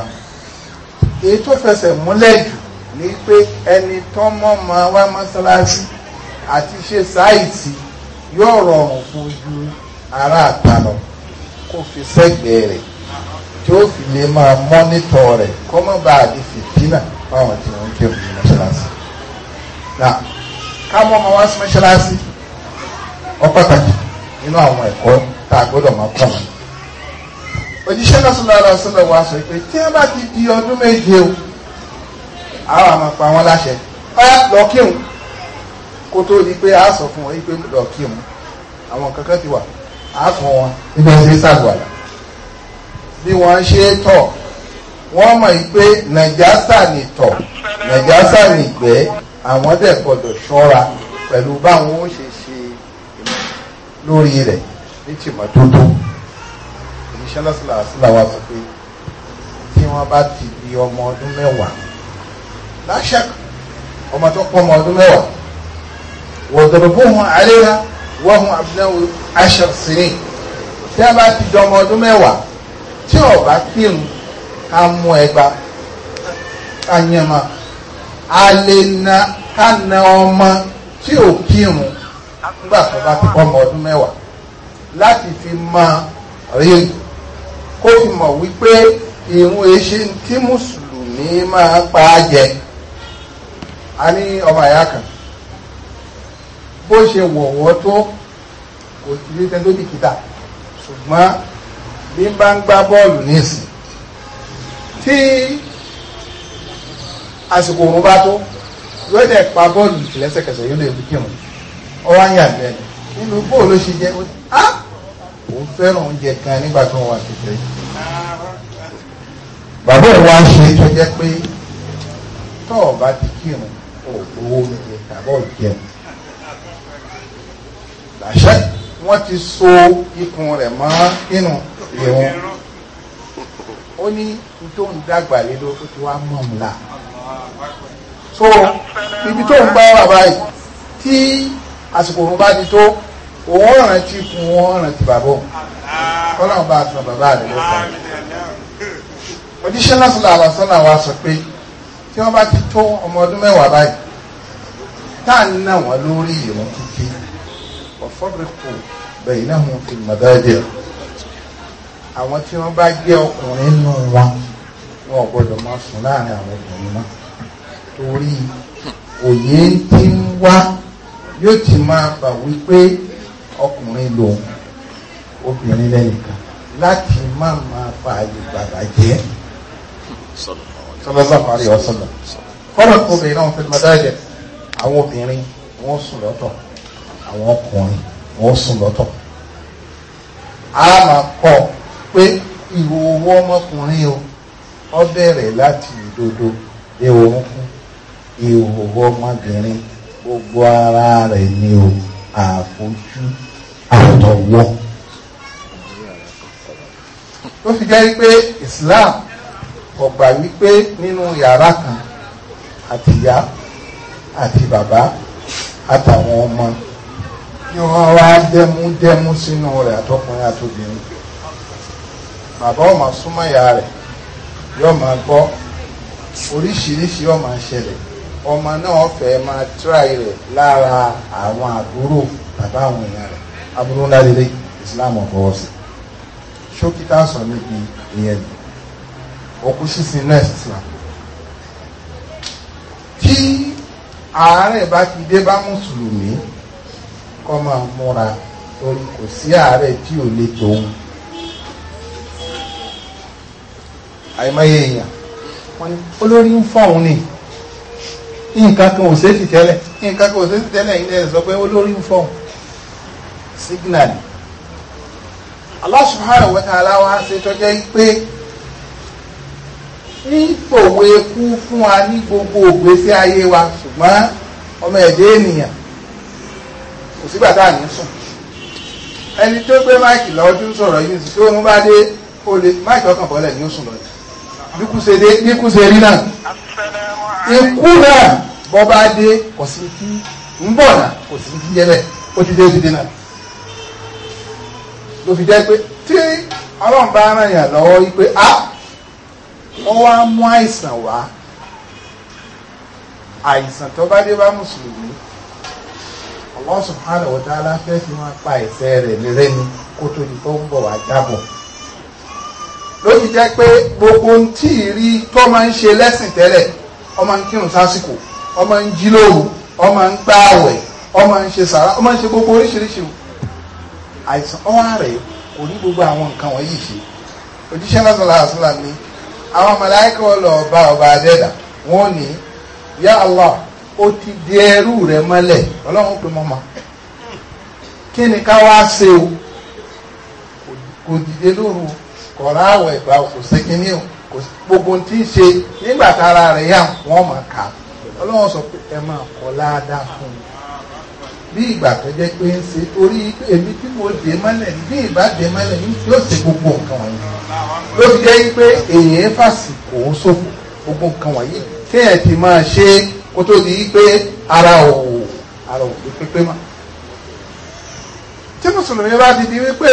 èyí tó fẹsẹ̀ múlẹ̀ jù ni pé ẹni tó mọ̀ mọ́ wá mọ́sálásí àti ṣe sáìtì yóò rọrùn fún ju ará àta lọ kó fi sẹ́gbẹ̀ẹ́ rẹ̀ tí ó fi lè máa mọ́nítọ̀ rẹ̀ kó má bàa di fìtínà fáwọn tí wọ́n ń kírun ní mọ́sálásí. Nà ká mọ́ ọmọ wá sí mọ́sálásí ọ pàtàkì nínú àwọn ẹ̀kọ́ tá a gbọ́dọ̀ máa kọ́ wọn òjíṣẹ́ náà sọ̀rọ̀ àrà sọ̀rọ̀ wà sọ pé tí wọ́n bá ti di ọdún méje o àwọn àmọ̀ pa wọ́n láṣẹ ọ̀yá lọ kírun kó tó di pé a sọ fún wọn pé lọ kírun àwọn kankan ti wà á fún wọn níbi ẹsẹ̀ ṣàgbàlá bí wọ́n ṣe tọ̀ wọ́n mọ̀ pé nàìjásà ni tọ̀ nàìjásà ni ìgbẹ́ àwọn dẹ̀ gbọ́dọ̀ ṣọ́ra pẹ̀lú báwọn ó ṣe ṣe lórí rẹ̀ ní tìmọ́tótó òjíṣẹ́ lọ́sọ̀lá sílá wa sọ pé tí wọ́n bá ti di ọmọ ọdún mẹ́wàá láṣẹ ọmọ tó pọ̀ ọmọ ọdún mẹ́wàá wọ̀dọ̀rọ̀bùhùn àríyá wọ́hùn abúlẹ́wò aṣọ sínú tí wọ́n bá ti di ọmọ ọdún mẹ́wàá tí ó bá kírun ká mú ẹgba ká yẹnma a lè na ká na ọmọ tí ò kírun nígbà tó bá ti pọ̀ ọmọ ọdún mẹ́wàá láti fi máa rí kó fi mọ̀ wípé ìrun èṣe tí mùsùlùmí máa ń pa á jẹ a ní ọmọ àyà kan bó ṣe wọ̀wọ́ tó kò sí ní tẹ́ńtò bìkítà ṣùgbọ́n bí n bá ń gbá bọ́ọ̀lù nísìn tí àsìkò òun bá tó yóò dẹ̀ pa bọ́ọ̀lù lẹ́sẹ̀kẹsẹ̀ yóò lè fi kírun ọwọ́ àyàn lẹ́nu nínú bóòlù ṣe jẹ́ ó ní á. Ah! òun fẹ́ràn oúnjẹ kan nígbà tó wà kékeré ah. bàbá òun wá ṣe tó jẹ́ pé tọ́ ọ bá ti kírun òwò mi jẹ tàbọ̀ jẹ làṣẹ wọ́n ti so ikùn rẹ̀ mọ́ inú ìrún ó ní tó ń dàgbà lé ló ti wá mọ̀ ń la so ibi tó ń gbá wà báyìí tí àsìkò òun bá ti tó òun rántí fún òun rántí bàbá òun ah. kọ́lọ́run bá san bàbá rẹ̀ lẹ́sàn-án òjíṣẹ́ lọ́sọ̀lá àlọ́sọ́nà wa sọ pé tí wọ́n bá ti tó ọmọ ọdún mẹ́wàá báyìí tá à ń nà wọ́n lórí ìwọ̀n kíkí ọ̀fọ́bìrìkù bẹ̀yìn náà wọn fi mọ̀dájẹ́ àwọn tí wọ́n bá jẹ́ ọkùnrin nù wọn wọn ò gbọ́dọ̀ máa sùn láàrin àwọn obìnrin náà torí òye tí ń wá yóò ti máa bà wípé ọkùnrin lòun obìnrin lẹ́nìkan láti má máa fa àyè gbàgbà jẹ́ sọlọ́sọ́ àparí ọ̀sọ́lọ́ kọ́nà obìnrin náà fẹ́ẹ́ mọ́tàjẹ́ àwọn obìnrin wọ́n sùn lọ́tọ̀ àwọn ọkùnrin wọ́n sùn lọ́tọ̀ a máa kọ́ pé ìwò owó ọmọkùnrin o ó bẹ̀rẹ̀ láti ìdodo dé orúnkún ìwò owó ọmọbìnrin gbogbo ara rẹ̀ ni o àfojú àtọwọ́ ló fi jẹ́ pé Islam kò gbà wípé nínú yàrá kan àtìyá àti bàbá àtàwọn ọmọ kí wọ́n wá dẹ́múdẹ́mú sínú rẹ̀ àtọkùnrin àtobìnrin bàbá ó máa súnmọ́ ìyá rẹ̀ yóò máa gbọ́ oríṣiríṣi ó ṣẹlẹ̀ ọmọ náà fẹ́ máa tíráì rẹ̀ lára àwọn àbúrò bàbá àwọn èèyàn rẹ̀ aburú ńlá lélẹ̀ Islam ọ̀fọwọ́ sí ṣókítà sọ níbi ìyẹn ni òkú sísìn náà Islam tí àárẹ̀ bá ti dé bá mùsùlùmí kọ́ máa múra torí kò sí àárẹ̀ tí ò lè tòun àìmọye èèyàn wọn ni olórí ń fọ́ òun ni nǹkan kan ò sẹ́fì tẹ́lẹ̀ nǹkan kan ò sẹ́fì tẹ́lẹ̀ yìí lẹ́yìn sọ pé olórí ń fọ̀hún signal Allah subhanahu wa ta'ala wa ṣe tọ́jọ́ yìí pé ń pòwe kú fún wa ní gbogbo ìgbésí ayé wa ṣùgbọ́n ọmọ ẹ̀dẹ́ ènìyàn kò sígbà tá à ní sùn ẹni tó gbé máìkì lọ́dún sọ̀rọ̀ yìí sí tó ń bá dé olè máìkì ọkàn bọ́lẹ̀ ni ó sùn lọ́dún bí kú ṣe dé ṣe rí náà ikú náà bọ́ba dé kò sí kí ń bọ̀ náà kò sí kí yẹlẹ̀ ó ti dé ó náà ló fi jẹ́ pé tí ọlọ́run bá ràn yàn lọ́wọ́ pé a wọ́n wá mú àìsàn wá àìsàn tó bá dé bá mùsùlùmí Allah subhanahu wa ta'ala fẹ́ wọ́n pa ẹ̀ṣẹ̀ rẹ̀ lérẹ́ni kó tó di tó ń bọ̀ wá jábọ̀ ló fi jẹ́ pé gbogbo ohun rí tó máa ń ṣe lẹ́sìn tẹ́lẹ̀ ọmọ ń kírun sásìkò ọmọ ń jí lóru ọmọ ń gbá àwẹ̀ ọmọ ń ṣe sàrà ọmọ ń ṣe gbogbo oríṣiríṣi àìsàn ọwọ́ rẹ̀ kò ní gbogbo àwọn nǹkan wọ̀nyí ṣe òjíṣẹ́ lọ́sọ̀lá àṣìlá ni àwọn màláíkà lọ bá ọba adẹ́dà wọ́n ní yá Allah ó ti di ẹrú rẹ̀ mọ́lẹ̀ ọlọ́run pé mọ́mọ́ kí ni ká wá ṣe o kò dìde lóru kọ̀ọ̀rọ̀ àwẹ̀ gbà kò ṣe kínní o gbogbo tí ń ṣe nígbà tára rẹ̀ yà wọ́n máa kà á ọlọ́run sọ pé ẹ máa kọ́ láadáa fún mi bí ìgbà tó jẹ́ pé ń ṣe torí èmi tí mo dé mọ́lẹ̀ bí ìgbà dé mọ́lẹ̀ yóò ṣe gbogbo nǹkan wọ̀nyí ló fi jẹ́ pé èyí fàsìkò ṣòfò gbogbo nǹkan wọ̀nyí kéèyàn ti máa ṣe kó tó di pé ara ò ara ò fi pépé mọ́ tí mùsùlùmí bá ti di wípé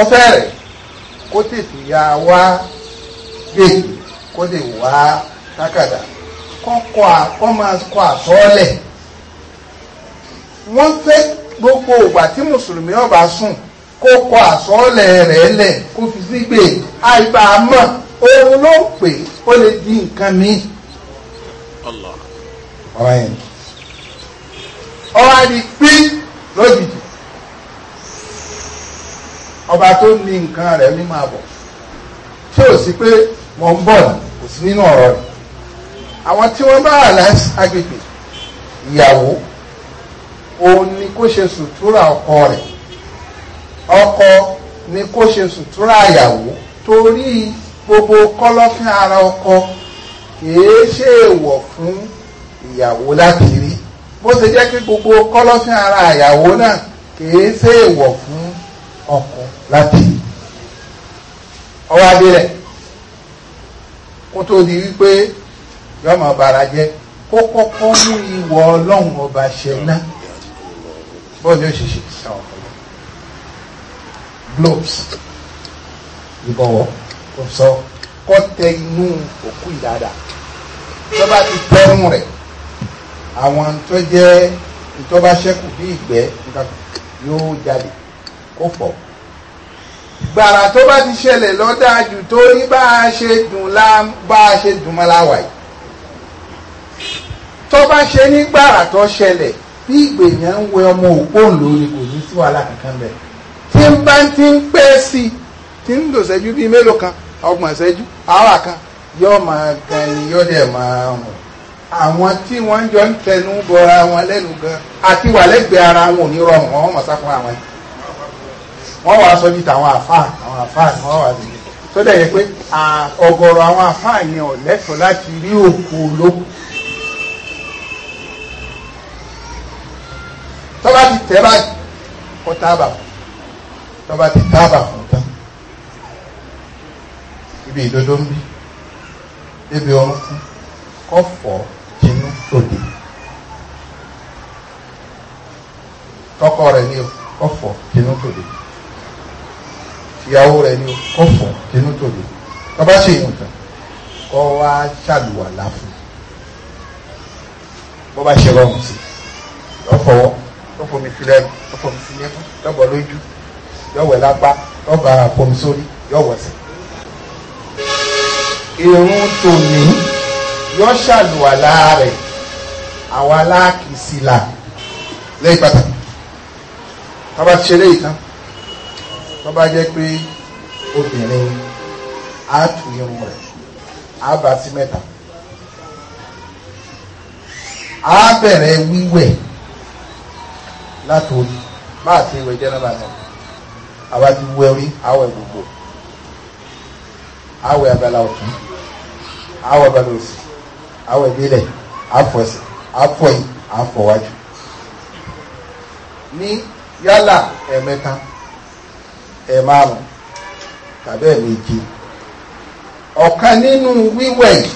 ọfẹ́ rẹ̀ kó tètè yá wá gbèsè kó lè wá tákàdá kọ́ máa kọ àtọ́ọ́lẹ̀ wọ́n fẹ́ gbogbo ìgbà tí mùsùlùmí ọba sùn kó kọ àsọ́ọ́lẹ̀ rẹ̀ lẹ̀ kó fi sígbè àìbàmọ̀ òun ló ń pè ó lè di nǹkan mi. ọba ni pín lójijì ọba tó ní nǹkan rẹ̀ ní máa tí ò sí pé mọ̀ ń bọ̀ kò sí nínú ọ̀rọ̀ rẹ̀ àwọn tí wọ́n bá wà láìsí agbègbè ìyàwó òun ni kó ṣe sùtúrà ọkọ rẹ̀ ọkọ ni kó ṣe sùtúrà ìyàwó torí gbogbo kọ́lọ́fín ara ọkọ kìí ṣe èèwọ̀ fún ìyàwó láti rí bó ṣe jẹ́ kí gbogbo kọ́lọ́fín ara ìyàwó náà kìí ṣe èèwọ̀ fún ọkọ láti rí ọwọ́ abẹ́rẹ́ kó tó di wípé yọmọ bara jẹ kó kọ́kọ́ mú ìwọ ọlọ́run ọba ṣẹ náà bọ́ọ̀lù òṣìṣẹ́ sọ̀rọ̀ gloves ìbọ̀wọ́ kò sọ kọ́ tẹ inú òkú ìdáadáa tó bá ti tẹ́rùn rẹ̀ àwọn tó jẹ́ ìtọ́ba ṣẹ́kù bí ìgbẹ́ yóò jáde kó pọ̀ gbàrà tó bá ti ṣẹlẹ̀ lọ́dájú torí bá a ṣe dùn la bá a ṣe dùn mọ́ la wà yìí tó bá ṣe ní gbàrà tó ṣẹlẹ̀ bí ìgbèyàn ń wẹ ọmọ òpóòn lórí kò ní sí wàhálà kankan bẹ̀ tí ń bá ti ń pẹ́ sí i tí ń lò ṣẹ́jú bíi mélòó kan ọgbọ̀n ṣẹ́jú àwa kan yóò máa gan ni yóò dẹ̀ máa hàn àwọn tí wọ́n jọ ń tẹnu bọra wọn lẹ́nu gan àti wà ara wọn ò ní rọrùn wọn mọ̀ wọ́n wàá sọ ní tàwọn àfáà àwọn àfáà ni wọ́n wà nìyẹn tó dẹ̀ yẹ pé ọ̀gọ̀rọ̀ àwọn àfáà yẹn ò lẹ́tọ̀ọ́ láti rí òkú olókùn tọ́ba ti tẹ́ báyìí kó tábà fún tọ́ba ti tábà fún tán ibi ìdodo ń bí ibi ọrùn kọ́ fọ́ tinú tòde tọkọ rẹ̀ ni kọ́ fọ́ tinú tòde ìyàwó rẹ̀ ni kò fọ̀ tinú tòde bàbá ṣe yàn tán kọ́ wá ṣàlùwàlá fún bó bá ṣe rọrùn sí lọ́fọ̀wọ́ lọ́fọ̀mi sílẹ̀ lọ́fọ̀mi sílẹ̀ lọ́bọ̀ lójú yọ̀wẹ̀ lápá lọ́bà àpọ̀mi sórí yọ̀wẹ̀sẹ̀. irun tòní yọ ṣàlùwàlá rẹ̀ àwa láàkì sílà lẹ́yìn pàtàkì bàbá ti ṣe léyìí tán tó bá jẹ́ pé obìnrin á tù irun rẹ̀ á bá sí mẹ́ta á bẹ̀rẹ̀ wíwẹ̀ látòrí máa ti wẹ̀ jẹ́nàbà náà àwa ti wẹ̀ orí àwẹ̀ gbogbo àwẹ̀ abala ọ̀tún àwẹ̀ abala òsì àwẹ̀ ìbílẹ̀ àfọ̀ẹ̀sì àfọ̀yìn àfọ̀wájú ní yálà ẹ̀mẹ́ta ẹ̀ márùn tàbí ẹ̀ méje ọ̀kan nínú wíwẹ̀ yìí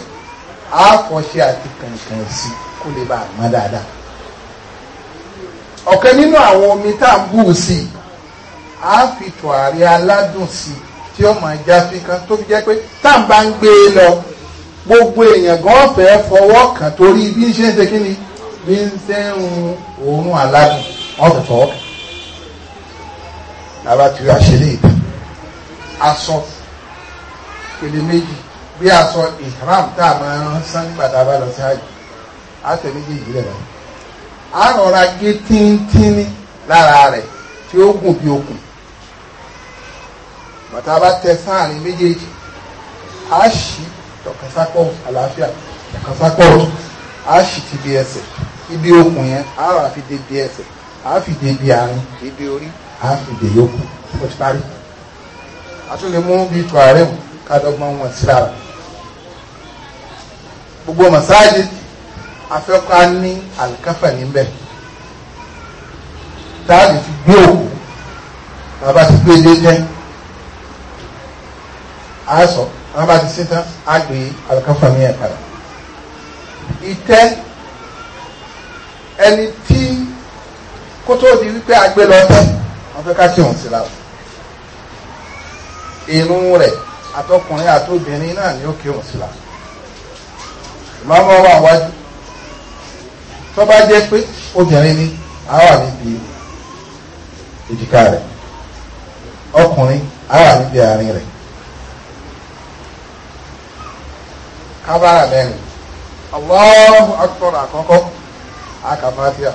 àfọ̀ṣe àti kànkàn sí kó lè bá a mọ́ dáadáa ọ̀kan nínú àwọn omi tá à ń bù sí i á fi tùwárí aládùn sí i tí ó máa já fi kan tó fi jẹ́ pé tá à ń bá ń gbé e lọ gbogbo èèyàn gan fẹ́ fọwọ́ kàn torí bí ń ṣe ń ṣe kí ni bí ń ṣe ń rún òórùn aládùn wọ́n fẹ́ fọwọ́ kàn làbá ti wá ṣe léyìí tán aṣọ pèlè méjì bí aṣọ ìhram tá a máa rán san nígbà tá a bá lọ sí àjò àtẹ méjèèjì rẹ lọ a rọra gé tíntínní lára rẹ tí ó gùn bí okùn bàtà bá tẹ sáàrin méjèèjì a ṣì tọkànsápọ̀ àlàáfíà tọkànsápọ̀ a ṣì ti bí ẹsẹ̀ ibi okùn yẹn a rà fi dé bí ẹsẹ̀ a fi dé bí àárín ibi orí á fi dè ti parí a tún lè mú bíi tó ààrẹ mu ká dọ́gbọ́n wọn síra gbogbo masajid afẹ́kọ́ á ní àlùkáfà níbẹ̀ táàbì fi gbé òkú bàbá ti gbé dédé á sọ bàbá ti sí tán á gbé àlùkáfà ní ẹ̀kadà ìtẹ́ ẹni tí kótó di wípé agbé lọ wọ́n fẹ́ ká sí òun síra o irun rẹ̀ àtọkùnrin àtobìnrin náà ni ó kí òun síra ìmọ̀mọ́ wà wájú tó bá jẹ́ pé obìnrin ni a wà níbi èjìká rẹ̀ ọkùnrin a wà níbi àárín rẹ̀ kábàrà mẹ́rin Allahu akbar àkọ́kọ́ akafatia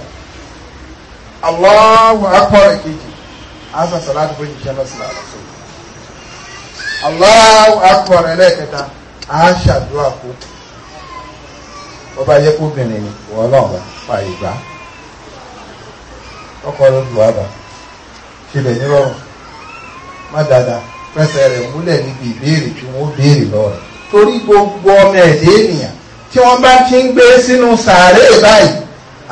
Allahu akbar èkejì asan salatu fún ìṣiṣẹ́ náà sílẹ̀ àlọ́sọ. Allahu akbar ẹlẹ́ẹ̀kẹta a ṣàdúrà kó ọba yẹ kó bìnrin ni wọ́n náà wà fààyè gbà ọkọ ló dùn wá bá ṣẹlẹ̀ nírọ̀rùn má dáadáa fẹsẹ̀ rẹ̀ múlẹ̀ níbi ìbéèrè tí wọ́n béèrè lọ́wọ́ rẹ̀ torí gbogbo ọmọ ẹ̀dẹ́ ènìyàn tí wọ́n bá ti ń gbé sínú sàárè báyìí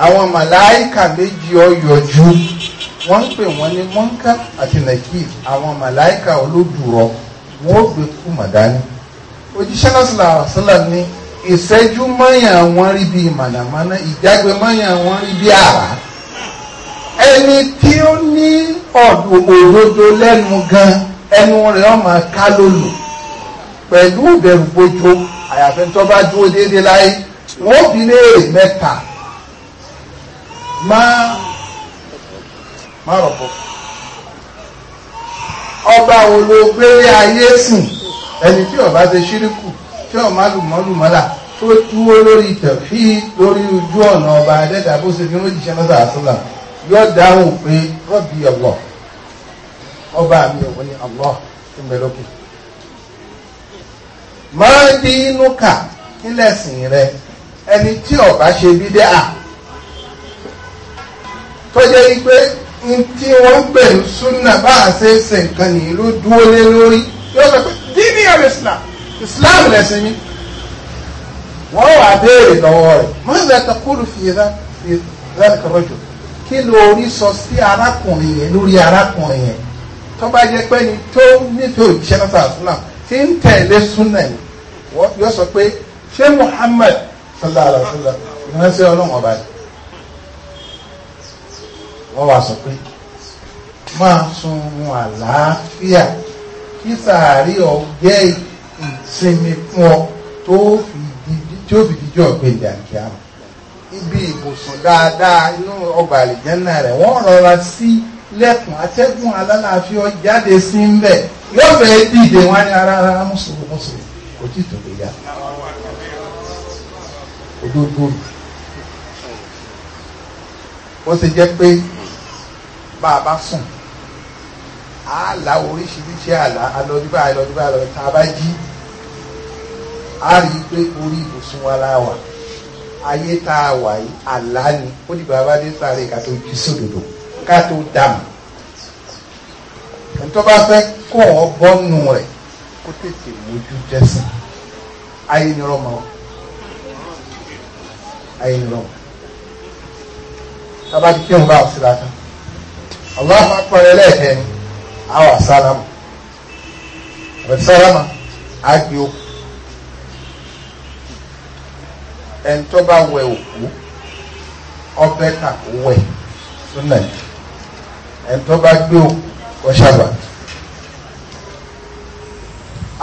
àwọn màláìkà méjì ọyọ̀jú wọ́n ń pè wọ́n ní mọ́ńkà àti nàkìs àwọn màláìkà olódùrọ wọ́n ó gbé kú màdání òjíṣẹ́ náà sọ̀rọ̀ àwàsílà ní ìṣẹ́jú mọ́yàn wọn rí bíi mànàmáná ìjágbe mọ́yàn wọn rí bíi àrá ẹni tí ó ní ọ̀dọ̀ òdodo lẹ́nu gan ẹnu rẹ̀ ọmọ ká lólu pẹ̀lú ìbẹ̀rù gbójú àyàfẹ́ tó bá dúró déédéé láyé wọ́n fi léèrè mẹ́ta máa má rọ̀bọ̀ ọba wo ló gbélé ayé sìn ẹni tí ọba ṣe ṣíríkù tí ọba lùmọ́lùmọ́là tó dúró lórí tẹ̀fí lórí ojú ọ̀nà ọba adẹ́dà bó ṣe fi ránṣẹ́ lọ́sà àṣọlà yóò dáhùn pé rọ́bì Allah ọba mi ò ní Allah tó ń bẹ lókè máa ń di inú kà nílẹ̀ sìn rẹ ẹni tí ọba ṣe bí dẹ́ tó jẹ́ pé n tí wọ́n gbè ń súnà bá a ṣe ń ṣe nǹkan nìyí ló dúró lé lórí yóò sọ pé dín ọ̀rọ̀ islam islam lẹ́sìn mi wọ́n wà béèrè lọ́wọ́ rẹ̀ mọ́tò takúlù fi ìdáàkà kọ́jọ́ kí lórí sọ sí arákùnrin yẹn lórí arákùnrin yẹn tó bá jẹ́ pé ni tó nífẹ̀ẹ́ òjíṣẹ́ náà sàlám tí ń tẹ̀lé súnà yìí yóò sọ pé ṣé Muhammad sallallahu alaihi wa sallam ìránṣẹ́ ọlọ́run ọba yìí wọ́n wá sọ pé máa sun àlàáfíà kí sàárì ọ̀gbẹ́ ìsinmi fún ọ tó fi díjọ́ gbèjà kíámù ibi ìbùsùn dáadáa inú ọgbà àlìjẹ́nà rẹ̀ wọ́n rọra sí lẹ́kùn atẹ́gùn alálàáfíà jáde sí ń bẹ̀ yóò fẹ́ dìde wọn ní ara ara mùsùlùmí mùsùlùmí kò tí tó lè yá odógbòrò ó ti jẹ́ pé bá a bá sùn àlá oríṣiríṣi àlá alọ́dúbà alọ́dúbà alọ́dúbà tá a bá jí a rí i pé orí ibùsùn wa la wà ayé tá a wà yìí àlá ni ó di bàbá dé sáré ká tó jí sódodo ká tó dàmú ẹni tó bá fẹ́ kó wọn bọ́nù rẹ̀ kó tètè mójú jẹ́sìn ayé ni rọ́mọ ayé ni rọ́mọ tábàdí kí wọn bá ọ sí la tán. Allahu akbar ẹlẹ́ẹ̀kẹ́ àwọn àsálámù àbẹ̀sálámà àgbẹ̀ òkú ẹni tó bá wẹ òkú ọbẹ̀ tà kó wẹ̀ súnà ẹni tó bá gbé òkú kó ṣàbà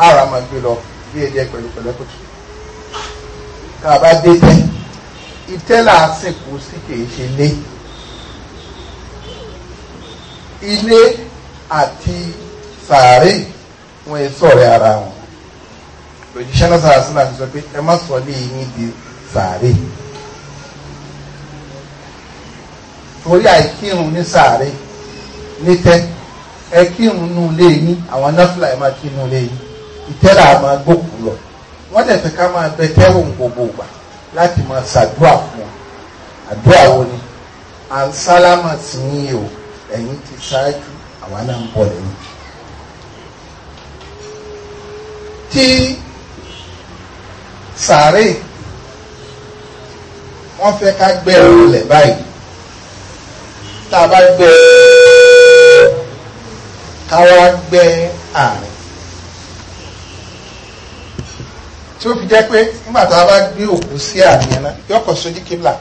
ara máa gbé lọ bí ẹ jẹ pẹ̀lú pẹ̀lẹ́kùtù tá dé tẹ ìtẹ́là àsìkò sí kìí ṣe lé ilé àti sàárè wọn è sọ̀rẹ́ ara wọn lójúṣẹ́ náà sàrà sílà ti sọ pé ẹ má sọ ní yín di sàárè torí àìkírun ní sàárè ní tẹ́ ẹ kírun nù lé yín àwọn náfìlà ẹ má kírun lé yín ìtẹ́lá máa gbókùn lọ wọ́n dẹ̀ fẹ́ ká máa bẹ tẹ́wọ̀n gbogbo ìgbà láti máa ṣàdúrà fún wọn àdúrà wo ni à ń sálámà sí yín o ẹ̀yin ti ṣáájú àwa náà ń bọ̀ lẹ́yìn. tí sàárè wọ́n fẹ́ ká gbẹ́rù lẹ̀ báyìí tá a bá gbẹ́ ká wá gbẹ́ àárín. tí ó fi jẹ́ pé nígbà tá a bá gbé òkú sí àárín náà yọkọ̀ sójú kíbla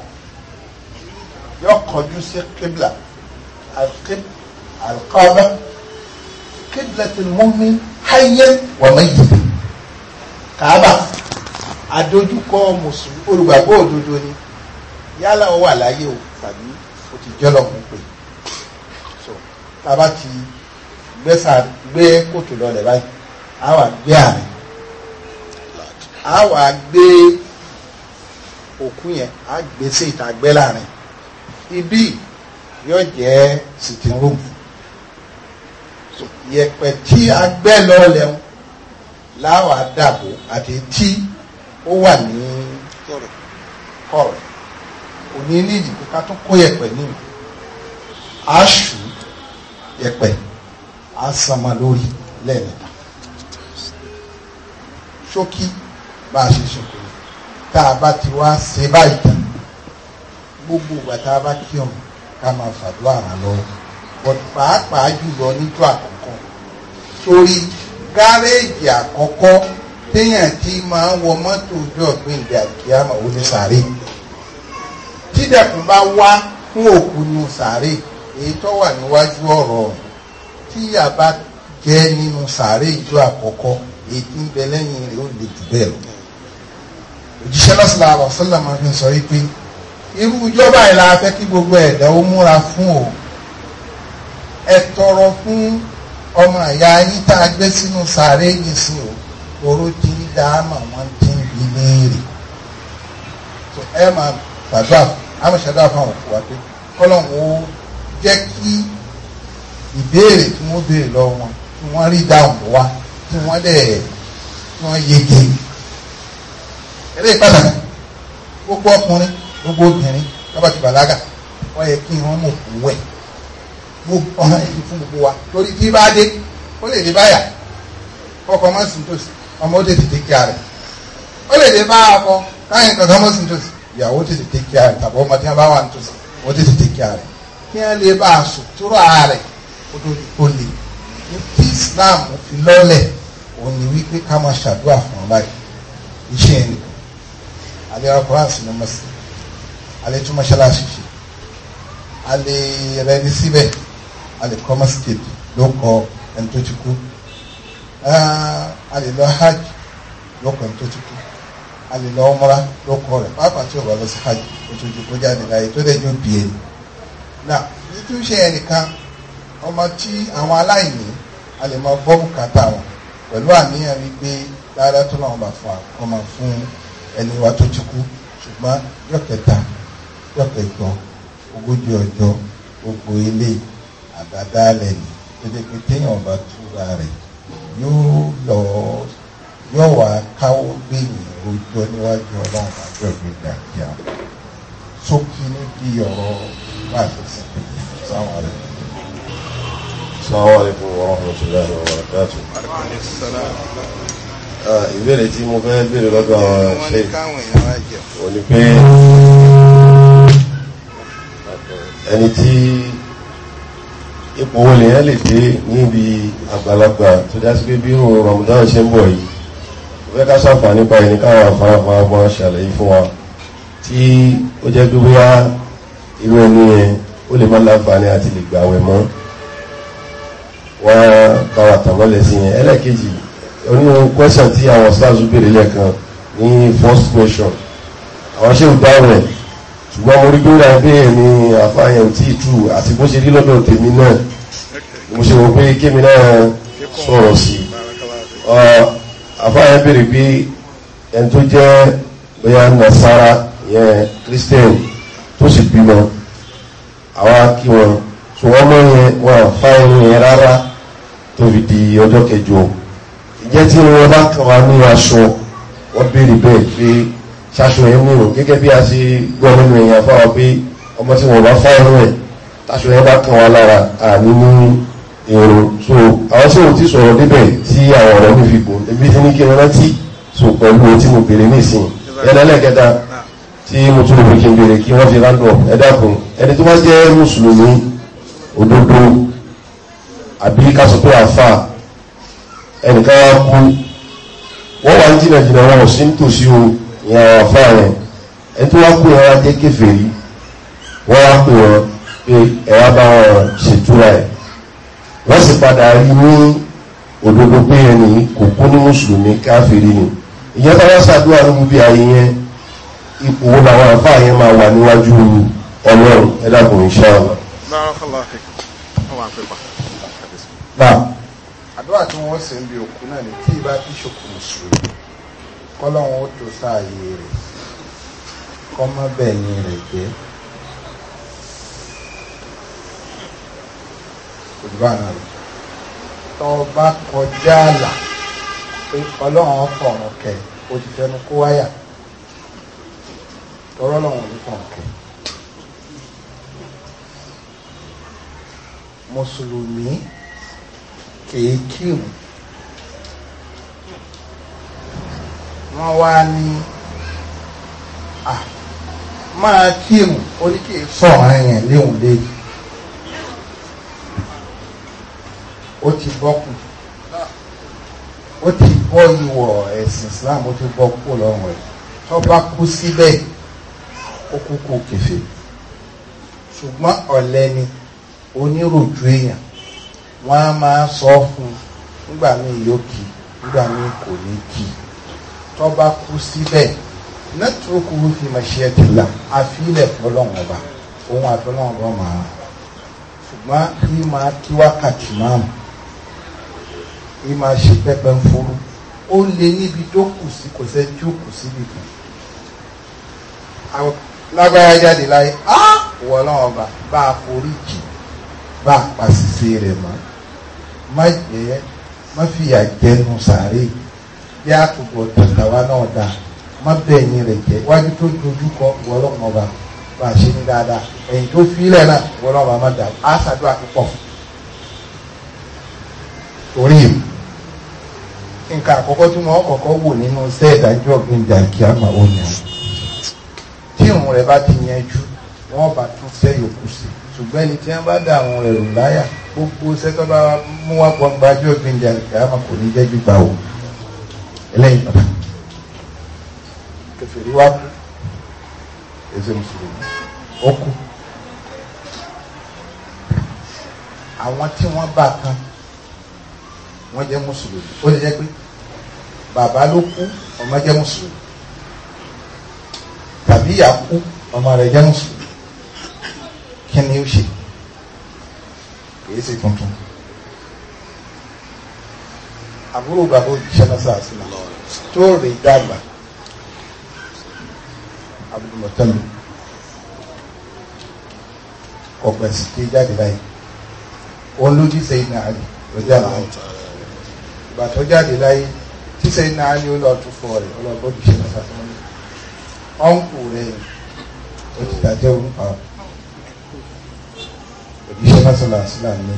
yọkọ̀ ojú sí kíbla. القامة قبلة المؤمن حيا وميتا Kaaba adójúkọ mùsùlùmí olùgbàgbọ́ òdodo ni yálà ó wà láyé o tàbí o ti jọlọ kó pè so Kaaba ti gbẹ́sà gbé kòtò lọlẹ̀ báyìí a wà gbé àrẹ a wà gbé òkú yẹn a gbèsè ìta gbẹ́ láàrin ibi yóò jẹ́ sitting room yẹ̀pẹ̀ tí a gbẹ́ lọ lẹ́hún láwa dàbò àti tí ó wà ní kọ̀rọ̀ òní ní ìdìbò ká tó kó yẹ̀pẹ̀ nínú aṣù yẹ̀pẹ̀ á lórí lẹ́ẹ̀mẹ́ta ṣókí bá a ṣe ṣòkò tá a bá ti wá ṣe báyìí tán gbogbo ìgbà tá a bá kí ọ̀hún ká máa fàdúrà ràn lọ́wọ́ but pàápàá jùlọ níjọ́ àkọ́kọ́ sórí gáréèjì àkọ́kọ́ téèyàn ti máa ń wọ mọ́tò ọjọ́ gbẹ̀ǹdẹ̀ àkíyàmọ̀ onísàárè tídẹ̀kùn bá wá fún òkú nù sàárè èyí tó wà níwájú ọ̀rọ̀ tíyà bá jẹ́ nínú sàárè ìjọ àkọ́kọ́ èyí tí ń bẹ lẹ́yìn rẹ̀ ó le jù bẹ́ẹ̀ lọ òjíṣẹ́ lọ́sọ̀lá àbọ̀sọ́lá máa fi sọ wípé irú ìjọba ìlà afẹ́ kí gbogbo ẹ̀dá ó múra fún o ẹ tọrọ fún ọmọ ìyá yín tá a gbé sínú sàárè yìí sí o oró ti ń dá àmà wọn ti ń bí léèrè ẹ máa gbàdúrà àmọ̀ fún àwọn òkú pé kọ́lọ́hún ó jẹ́ kí ìbéèrè tí wọ́n béèrè lọ́wọ́ wọn tí wọ́n rí dáhùn wá tí wọ́n dẹ̀ wọ́n yege eré pàtàkì gbogbo ọkùnrin gbogbo obìnrin lọ́ba ti bàlágà wọ́n yẹ kí wọ́n mọ̀ òun wẹ̀ gbogbo ọ̀hán yìí fún gbogbo wa torí tí bá dé ó lè dé báyà ọkọ̀ mọ́ sí tòsí ọmọ ó tètè tẹ́kí ara ó lè dé bá akọ káyìn kankan mọ́ sí tòsí ìyàwó tètè tẹ́kí ara tàbí ọmọ tí wọ́n bá wà ní tòsí ó tètè tẹ́kí ara kí wọ́n lè bá a sòtúrò ara rẹ̀ ó lórí ó lè ní tí Islam fi lọ́lẹ̀ òun ni wípé ká máa ṣàdúrà fún ọ báyìí iṣẹ́ ẹnìkan àlẹ́ ọkọ̀ àṣìlẹ̀ mọ́sí alẹ́ tún mọ́ṣáláṣí ṣe alẹ́ rẹ ní síbẹ̀ alẹ́ kọ́ mọ́síkèdì ló kọ ẹni tó ti kú alẹ́ lọ hajj ló kọ ẹni tó ti kú alẹ́ lọ ọmọra ló kọ rẹ̀ pàápàá tí o bá lọ sí hajj o tún ju kọjá nílá yìí tó dẹ́jú bìí ẹni. nà nítúnṣe ẹnìkan ọmọ tí àwọn aláìní alẹ́ máa bọ́ bùkátà wọn pẹ̀lú àníyàn wípé dáadáa tó náà wọ́n bá fún wa ọmọ fún ẹni wa tó ti kú ṣùgbọ́n yọ̀kẹta jọ́kẹ̀jọ ogójì ọjọ́ gbogbo ilé àbádálẹ̀ ni pẹ̀lẹ́pẹ̀ téèyàn bá túra rẹ̀ yóò lọ yóò wá káwọ́ gbẹ̀yìn rojọ́ níwájú ọlọ́run àjọ ìgbéga kíá sókè ní bí ọ̀rọ̀ wà sísè sáwọn rẹ̀. Assalamu alaikum warahmatullahi wabarakatuh. Ah, ìbéèrè tí mo fẹ́ béèrè lọ́dọ̀ ṣe ò ní pé ẹni tí ipò wọlé yẹn lè dé níbi àgbàlagbà tó dásí pé bí irun Ramadan ṣe ń bọ̀ yìí ó fẹ́ ká sàǹfààní pa ẹni káwọn afárafá wọn ṣàlàyé fún wa tí ó jẹ́ pé bóyá irú ẹni yẹn ó lè má láǹfààní àti lè gbà wẹ̀ mọ́ wọ́n bá wa tàmọ́lẹ̀ sí yẹn ẹlẹ́ẹ̀kejì onínú question tí àwọn stars béèrè lẹ́ẹ̀kan ní first question àwọn ṣé ń dáhùn ẹ̀ ṣùgbọ́n mo rí pé ra pé ẹ̀mí àfààyàn tí ì tù àti bó ṣe rí lọ́dọ̀ tèmi náà mo ṣe wọ pé kémi náà sọ̀rọ̀ sí àfààyàn béèrè pé ẹni tó jẹ́ bóyá nasara yẹn christian tó sì bímọ àwa kí wọn tó wọ́n yẹn wọn àfààyàn yẹn rárá tó di ọjọ́ kẹjọ ìjẹ́ tí wọ́n bá kàn wá ní aṣọ wọ́n béèrè bẹ́ẹ̀ pé ṣaṣọ yẹn wúrò gẹ́gẹ́ bí a ṣe gbọ́ nínú èèyàn fáwọn pé ọmọ tí wọn bá fọ́ ọ̀rọ̀ ẹ̀ taṣọ yẹn bá kàn wá lára àní ní èrò so àwọn tí wọn ti sọ̀rọ̀ débẹ̀ tí àwọn ọ̀rọ̀ mi fi bò ebi ti ní kí n rántí so pẹ̀lú tí mo béèrè nísìnyí ẹlẹ́lẹ́kẹta tí mo tún lè kí n béèrè kí wọ́n fi ráńdọ̀ ẹ dákun ẹni tó bá jẹ́ mùsùlùmí òdodo àbí ká sọ ẹnìkan wá kú wọ́n wá ń jìnnà jìnnà wọn ò sí nítòsí o ìyẹn àwọn afá yẹn ẹni tó wá pè wọn wá jẹ́ kèfèrí wọ́n wá pè wọn pé ẹ wá bá wọn ṣètúra ẹ̀ wọ́n sì padà rí ní òdodo pé ẹni kò kú ní mùsùlùmí káfíìrì ni ìyẹn tó wá ṣàdúrà lóhun bí ayé yẹn ipò wo làwọn afá yẹn máa wà níwájú ọlọ́run ẹ dákun inshallah. àdúrà tí wọ́n sì ń bi òkú náà ni tí ìbá fi ṣokùn sùn kọ́lọ́hún ó tó sáàyè rẹ̀ kọ́mọ́bẹ̀ni rẹ̀ jẹ́ olùbánà rẹ̀ tọ́ bá kọjá àlà pé ọlọ́run ọkọ̀ọ̀rùn kẹ̀ o ti fẹnu kó wáyà tọ́rọ́ lọ́run ló kàn kẹ̀. mùsùlùmí kìí kírun wọ́n wá ní à máa kírun oníkè sọ̀rọ̀ yẹn léhùn léyìí ó ti bọ́kù ó ti bọ́ ìwọ̀ ẹ̀sìn Islam ó ti bọ́ kú lọ́rùn rẹ̀ tó bá kú síbẹ̀ ó kú kú kẹfẹ́ ṣùgbọ́n ọ̀lẹ ni oníròjú èèyàn wọ́n á máa sọ fún un nígbà míì yóò kì nígbà míì kò ní kì í tó bá kú síbẹ̀ nẹ́tírókù fi màṣíẹ́tì là àfilẹ̀ fọlọ́run ọba òun àfọlọ́run ọba máa ṣùgbọ́n kí máa kí wákàtí máa mú kí máa ṣe pẹ́pẹ́ ń fúru ó lé níbi tó kù sí kò sẹ́ tí ó kù síbi kan lágbára jáde láyé á wọlọ́run ọba bá a forí jì bá a pa ṣiṣẹ́ rẹ̀ mọ́ má jẹ́ má fìyà jẹnu sàárè yìí. jẹ́ akụkụ tàtàwa náà dà má bẹ̀yìn rẹ̀ jẹ́ wájú tó dojú kọ wọlọ́mọ ọba bá a ṣe ní dáadáa ẹ̀yìn tó na náà wọlọ́mọ ọba má dà á torí nǹkan àkọ́kọ́ tí wọ́n kọ́kọ́ wò nínú iṣẹ́ ìdájọ́ tí òun rẹ̀ bá gbogbo iṣẹ́ tó bá mú wá eléyìí pàtàkì kẹfìrí wa kú ẹsẹ mùsùlùmí ó kú àwọn tí wọ́n bá kan wọ́n jẹ́ mùsùlùmí ó lè jẹ́ pé bàbá ló kú ọmọ jẹ́ mùsùlùmí tàbí ìyá kú ọmọ rẹ̀ jẹ́ mùsùlùmí kí ni ó ṣe kì í ṣe tuntun àbúrò bàbá òjíṣẹ́ náà sàásìlá tó rè dàgbà abdulmọtẹlẹ ọgbẹ sìkè jáde báyìí wọn ló jíṣe iná àlè lọjọ àwọn ọjọ ìgbà tó jáde láyé jíṣe iná àlè ó lọ tún fọ rẹ ọlọgbọ òjíṣẹ́ náà sàásìlá ọǹkù rẹ ó ti dàjẹ orúkọ òjíṣẹ́ náà sàásìlá ní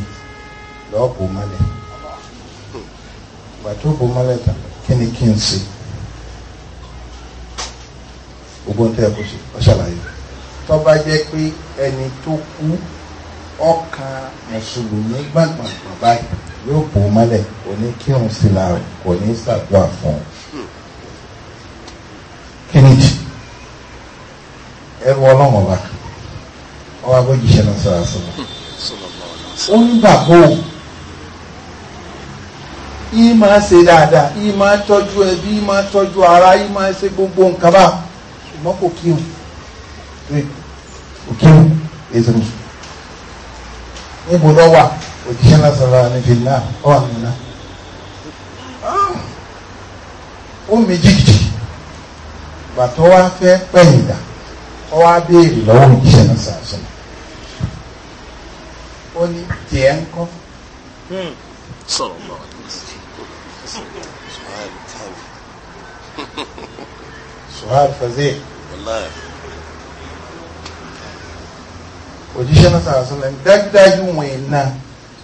lọọbù malẹ pàtó bò mọ́lẹ̀ tán kí ni kí n ṣe ogun tẹ́ ẹ kó ṣe ọ ṣàlàyé tó bá jẹ́ pé ẹni tó kú ọkàn mùsùlùmí gbàgbàgbà báyìí yóò bò mọ́lẹ̀ kò ní kírun sí la kò ní ṣàdúrà fún un kí ni jì ẹrù ọlọ́run ọba ọba náà sọ̀rọ̀ sọ̀rọ̀ ó ń gbàgbọ́ yìí máa ṣe dáadáa yìí máa tọ́jú ẹbí yìí máa tọ́jú ara yìí máa ṣe gbogbo nǹkan bá ṣùgbọ́n kò kí o kò kí o ètò mùsùlùmí níbo lọ wà òjíṣẹ́ náà sọ̀rọ̀ ànífẹ́ náà ọ wà nínú náà ó méjì jì ìgbà tó wá fẹ́ pẹ̀yìndà ọ wá béèrè lọ́wọ́ òjíṣẹ́ náà sọ̀rọ̀ ó ní tiẹ̀ ń kọ́. Hmm. sọ̀rọ̀ lọ. سؤال فظيع والله òjíṣẹ́ náà sàrà sọ́nà dájúdájú wọn iná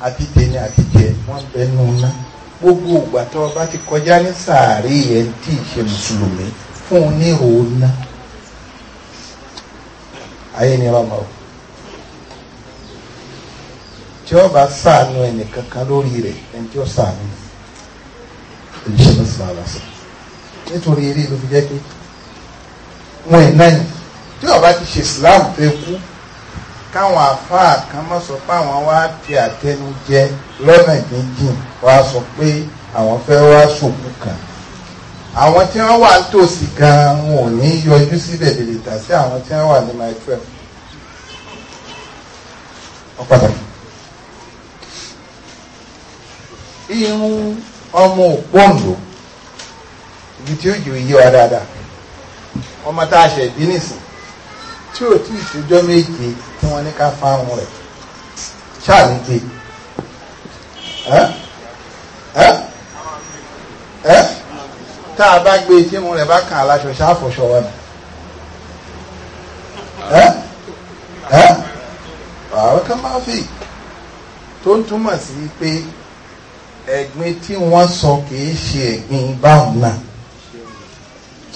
àti tèmi àti na wọ́n bẹnu ná gbogbo ìgbà tó bá ti kọjá ní sàárè yẹn tí ì ṣe mùsùlùmí fún un ní òun ná ayé ni ọmọ o tí ó bá sàánú ẹnì kankan lórí rẹ̀ ẹni tí ó sàánú òjíṣẹ́ náà sàrà sọ́nà nítorí wọn ẹ̀ náà tí wọ́n ti ṣe Islam tó kú káwọn àfáà kan mọ̀ sọ pé àwọn wá fi àtẹnujẹ lọ́nà jíjìn wá sọ pé àwọn fẹ́ wá sòkú kan àwọn tí wọ́n wà nítòsí gan wọn ò ní yọjú síbẹ̀ lè tà sí àwọn tí wọ́n wà ní my twelve irun ọmọ òpóǹdò ibi tí ó jù yí wa dáadáa ọmọ tá a ṣẹ̀ bí nìsín tí ò tí ì tójọ́ méje tí wọ́n ní ká fáwọn rẹ̀ ṣáàlì gbé tá a bá gbé e tí mo rẹ̀ bá kàn aláṣọ ṣáàfọ̀ṣọ wọn àwọn kan máa fi tó ń túmọ̀ sí pé ẹ̀gbin tí wọ́n sọ kì í ṣe ẹ̀gbin báwọn náà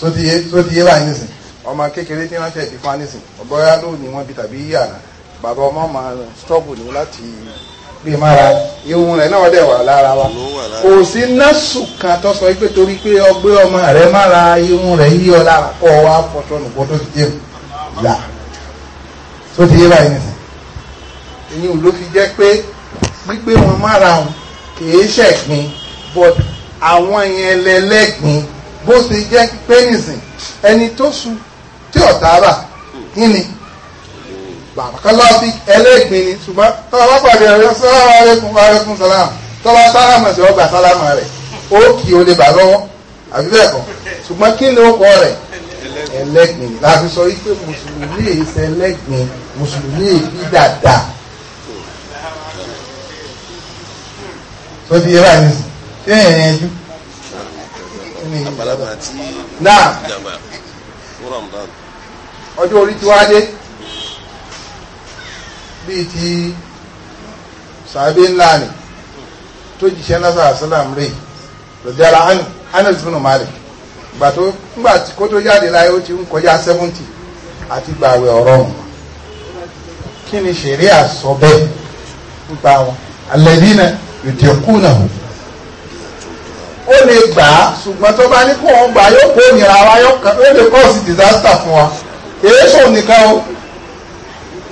tó ti yé tó ti yé báyìí nísìn ọmọ kékeré tí wọ́n ṣe ti fún wa nísìn ọ̀bọ̀yá lónìí wọ́n bi tàbí yàrá bàbá ọmọ máa struggle ní láti gbé mára ihun rẹ̀ náà dẹ̀ wà lára wa kò sí násù kan tó sọ pé torí pé ọgbẹ́ ọmọ rẹ̀ mára ihun rẹ̀ yí ọ lára kọ́ wa fọṣọ nùgbọ́ tó ti yé mu là tó ti yé báyìí nísìn ìyẹn ló fi jẹ́ pé gbígbé wọn mára wọn kì í ṣẹ̀gbìn but àwọn yẹn lẹ́lẹ́gbìn bó ṣe jẹ́ pé nìsín ẹni tó su tí ọ̀tá rà kí ni bàbá kan lọ sí ẹlẹ́gbin ni ṣùgbọ́n tọ́wọ́ bá pàdé ẹ̀rọ sọ́wọ́ alẹ́kùn alẹ́kùn sàlámù tọ́wọ́ sálámù sí ọgbà sálámù rẹ̀ ó kì í o lè bà lọ́wọ́ àbí bẹ́ẹ̀ kọ́ ṣùgbọ́n kí ni ó kọ́ rẹ̀ ẹlẹ́gbin ni láti sọ wípé mùsùlùmí èyí ṣe ẹlẹ́gbin mùsùlùmí èyí dáadáa tó ti yẹ báyìí sí ẹ̀yìn ẹ̀yìn ni. àgbàlagbà tí. náà ìjàmbá fún Ramadan. ọjọ́ orí tí wáá dé bíi ti sàbẹ̀ ńlá ni tó jìṣẹ́ lásán àṣàlám rè lọ́jàrá Anas bin Malik ìgbà tó ńgbà kó tó jáde láyé ó ti ń kọjá seventy àti gbàwé ọ̀rọ̀ wọn kí ni ṣẹ̀ríà sọ bẹ́ẹ̀ nípa wọn alladhina yutiqūnahu ó lè gbà á ṣùgbọ́n tó bá ní kó òun gbà á yóò kó òmìnira wa yóò lè cause disaster fún wa èyí sòun nìkan o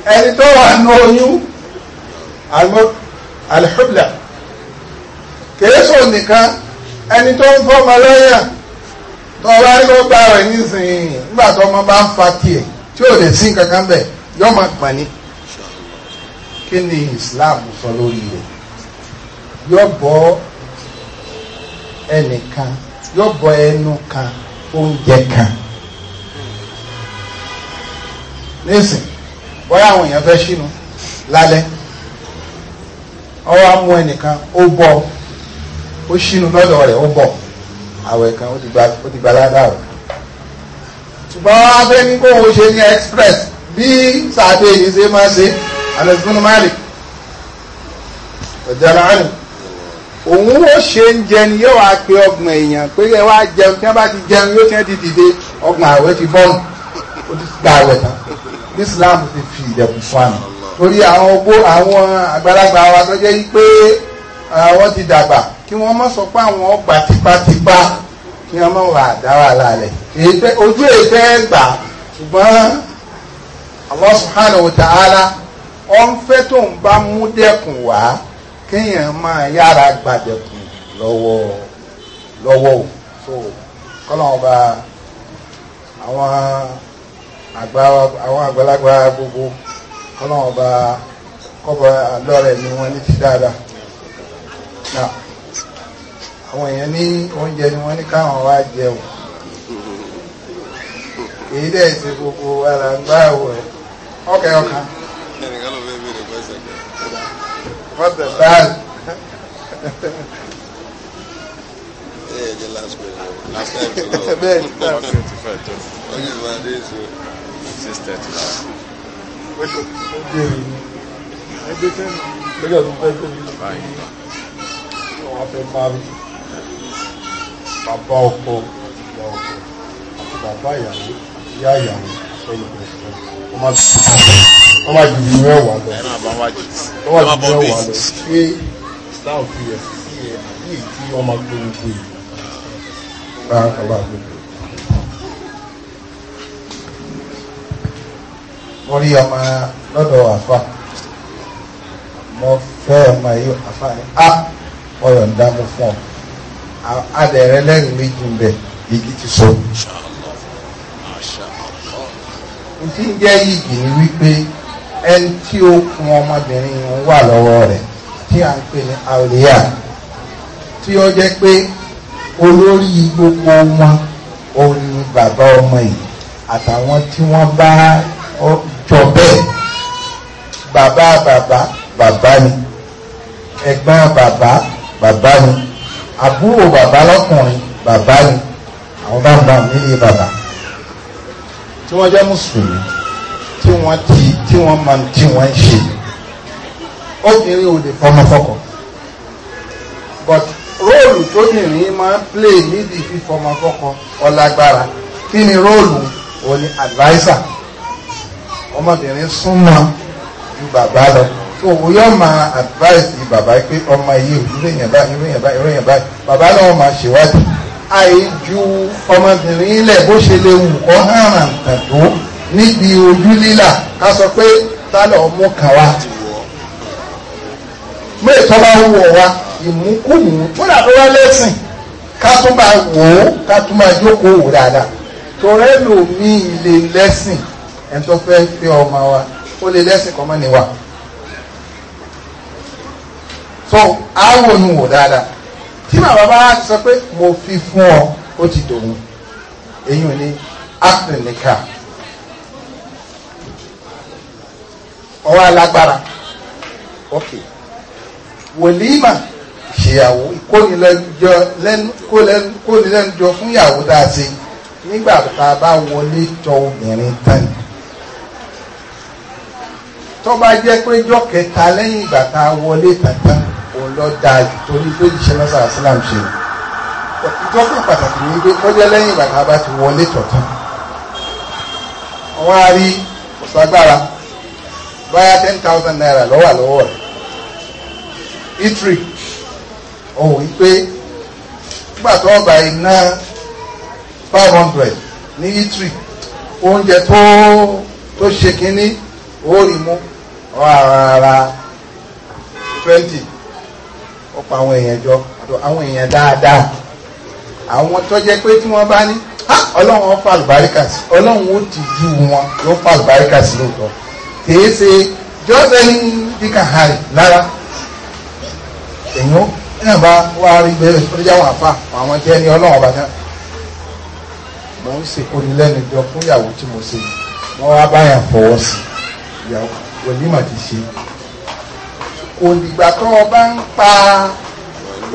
ẹni tó wà nù oyún alhubla kìí sòun nìkan ẹni tó ń fọmọ lọ́yàn tó bá ní ó bá rẹ̀ nísìnyí nígbà tó ọmọ bá ń fa tiẹ̀ tí ò lè sí nǹkan bẹ̀ yóò máa pọ̀ ní kí ni Islam sọ lórí rẹ̀ yóò bọ́ ẹnìkan yóò bọ ẹnu kan oúnjẹ kan nísìn bóyá àwọn èèyàn fẹ́ sínú lálẹ́ ọwọ́ amú ẹnìkan ó bọ ó sínú lọ́dọ̀ rẹ̀ ó bọ àwẹ̀ kan ó ti gba ládàá rẹ̀ ṣùgbọ́n wọ́n á fẹ́ ní kó o ṣe ní express bí sàdé yìí ṣe máa ṣe àlẹ́ fún máàlì ọ̀jọ̀ ara rẹ̀ òun ó ṣe ń jẹun yóò wá pe ọgbọ̀n èèyàn pé ẹ wá jẹun tí wọ́n bá ti jẹun yóò tiẹ̀ ti dìde ọgbọ̀n àwẹ̀ ti bọ́ọ̀nù ó ti gba àwẹ̀ tán Islam ti fi ìdẹ̀kùn fún àmì torí àwọn ogbó àwọn àgbàlagbà wa tó jẹ́ pé àwọn ti dàgbà kí wọ́n mọ̀ sọ pé àwọn ọgbà tipátipá kí wọ́n mọ̀ wà dá wà lálẹ̀ ojú èfẹ́ gbà ṣùgbọ́n Allah subhanahu wa ta'ala ọ̀n fẹ́ tó ń bá mú dẹ́kun wá kéèyàn máa yára gbàdẹ̀kùn lọ́wọ́ lọ́wọ́ o so kọ́lọ́wọ́n bá àwọn àgbà àwọn àgbàlagbà gbogbo kọ́lọ́wọ́n bá kọ́bọ̀ lọ́rẹ̀ ni wọ́n ní ti dáadáa náà àwọn èèyàn ní oúnjẹ ni wọ́n ní káwọn wá jẹun èyí dẹ̀ ṣe gbogbo ara ń gbá àwọ̀ ọkẹ́ ọkàn. تفضل تعال Yeah, the last question. Last time to go. Bẹ́ẹ̀ni. Ọjọ́ ìwà dé so. Six thirty now. Ẹgbẹ́ sẹ́nu. Ẹgbẹ́ tó fẹ́ tóbi. Báyìí. Wọ́n fẹ́ máa rí. Bàbá ọkọ ìyá ọkọ àti bàbá ìyàwó ìyá ìyàwó ẹ̀yìn kọ̀ọ̀kan. Wọ́n máa bí i wọ́n máa jù mí ẹ̀wà lọ wọ́n máa jù mí ẹ̀wà lọ pé islam fi ẹ̀ sí ẹ̀ àbí èyí tí wọ́n máa gbé gbogbo yìí bá ọba gbogbo. mo rí ọmọ lọ́dọ̀ àfa mo fẹ́ ọmọ yìí àfa ni a ọyọ̀ ń dáko fún ọ adẹ̀rẹ̀ lẹ́yìn méjì ń bẹ̀ igi ti sọ. Ntí ń jẹ́ yìí kì í wí pé ẹni tí ó kun ọmọbìnrin wà lọ́wọ́ rẹ̀ tí à ń pè ní àwòrán tí ó jẹ́ pé olórí gbogbo wọn òun ni bàbá ọmọ yìí àtàwọn tí wọ́n bá jọ bẹ́ẹ̀ bàbá bàbá bàbá ni ẹ̀gbọ́n bàbá bàbá ni àbúrò bàbá lọ́kùnrin bàbá ni àwọn bá ń bá mi ní bàbá tí wọ́n jẹ́ mùsùlùmí tí wọ́n ti tí wọ́n máa ń tí wọ́n ń ṣe obìnrin ò lè fọmọ fọkọ but róòlù tóbìnrin máa ń play níbi fífọmọ fọkọ ọlágbára kí ni róòlù òun ni adviser ọmọbìnrin súnmọ́ ju bàbá lọ so òun yóò máa advice di bàbá pé ọmọ yìí irú èèyàn báyìí irú èèyàn báyìí irú èèyàn báyìí bàbá náà máa ṣèwádìí àìju ọmọbìnrin ilẹ̀ bó ṣe lè wù kọ́ hàn àǹtàn tó níbi ojú lílà ká sọ pé tálọ̀ ọmú kan wá méè tó bá wọ̀ wá ìmúkùmù kódà tó wá lẹ́sìn ká tún bá wò ó ká tún máa jókòó wò dáadáa torẹ́ lòmíì lè lẹ́sìn ẹni tó fẹ́ fi ọmọ wa ó lè lẹ́sìn kọ́mọ́ ni wa so àwọn ònú wò dáadáa tí màá bàbá sọ pé mo fi fún ọ ó ti dòun èyí ò ní áfíríkà ọwọ́ alágbára ok wòlíìmà ṣèyàwó ìkónilẹ́nujọ fún ìyàwó tá a ṣe nígbà tá a bá wọlé jọ obìnrin tán tó bá jẹ́ pé jọ́ kẹta lẹ́yìn ìgbà tá a wọlé tàntàn òun lọ da torí pé ìṣẹ́ lọ́sà islam ṣe ìjọ kan pàtàkì ní pé kọjá lẹ́yìn ìgbà tá a bá ti wọlé tọ̀tàn wọ́n á rí kò sagbára báyà ten thousand naira lọ́wọ́ àlọ́wọ́ rẹ̀ itri ọ̀hún wípé nígbà tó ọba iná five hundred ní itri oúnjẹ tó tó ṣe kínní ó rí mú ọ̀rara twenty ó pa àwọn èèyàn jọ àwọn èèyàn dáadáa àwọn tó jẹ́ pé tí wọ́n bá ní ọlọ́run ó fa àlùbáríkà sí ọlọ́run ó ti ju wọn ló fa àlùbáríkà sí lóòótọ́ kìí ṣe jọ́sẹ̀ ní bíkà hàì lára èèyàn náà bá wá rí bẹ́ẹ̀ sọ́jà wà fà àwọn jẹ́ ní ọlọ́wọ́n bá dá mo ń ṣe onílẹ́nu jọ fún ìyàwó tí mo ṣe mo wá báyà fọwọ́ sí ìyàwó wẹ̀límà ti ṣe òdìgbà tó o bá ń pa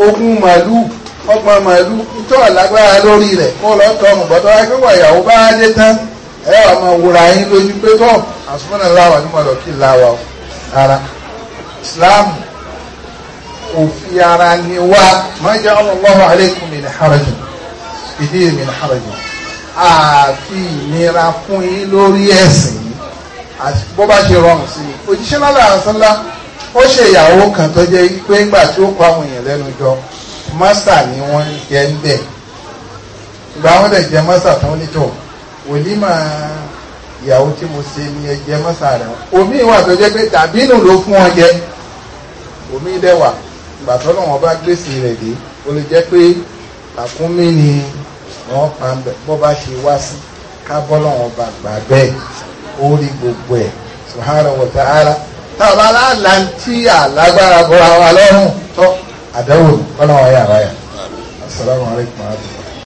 ogún màálù ọgbọ̀n màálù tó lágbára lórí rẹ̀ kó lọ́ọ́ tọ́ ọmọ bọ́tọ́ wáyé pé bá dé tán ẹ ọmọ wòrà yín lójú pé tọ́ àsùnmọ́nà láwà ní mọ̀lọ́ kí láwà o ara islam òfin ara ni wá máa jẹ́ ọlọ́wọ́ aleikum min haraj ìdí min haraj àfi ìnira fún yín lórí ẹ̀sìn yìí àti bó bá ṣe rọrùn sí i òjíṣẹ́ náà làásánlá ó ṣe ìyàwó kan tó jẹ́ pé ńgbà tí ó kọ àwọn èèyàn lẹ́nu jọ mọ́sà ni wọ́n jẹ́ ń bẹ̀ ìgbà wọn dẹ̀ jẹ́ mọ́sà tán nítò wòlíì máa ìyàwó tí mo ṣe ni ẹjẹ mọ́sà rẹ̀ omi ìwà tó jẹ́ pé tàbínú ló fún ọ jẹ omi dẹ́wà ìgbà tọ́lọ̀ wọn bá gbèsè rẹ̀ dé ó lè jẹ́ pé àkúnmí ni wọ́n pa ń bẹ̀ bọ́ bá ṣe wá sí ká bọ́lọ̀ wọn bá gbà bẹ́ẹ̀ ó rí gbogbo ẹ̀ subhanahu wa ta'ala táwọn aláàlá ń tí àlágbára bọ́ra wa lọ́rùn tọ́ àdánwò kọ́lọ́wọ́ yàrá yà. asalaamualeykum wa rahmatulahi.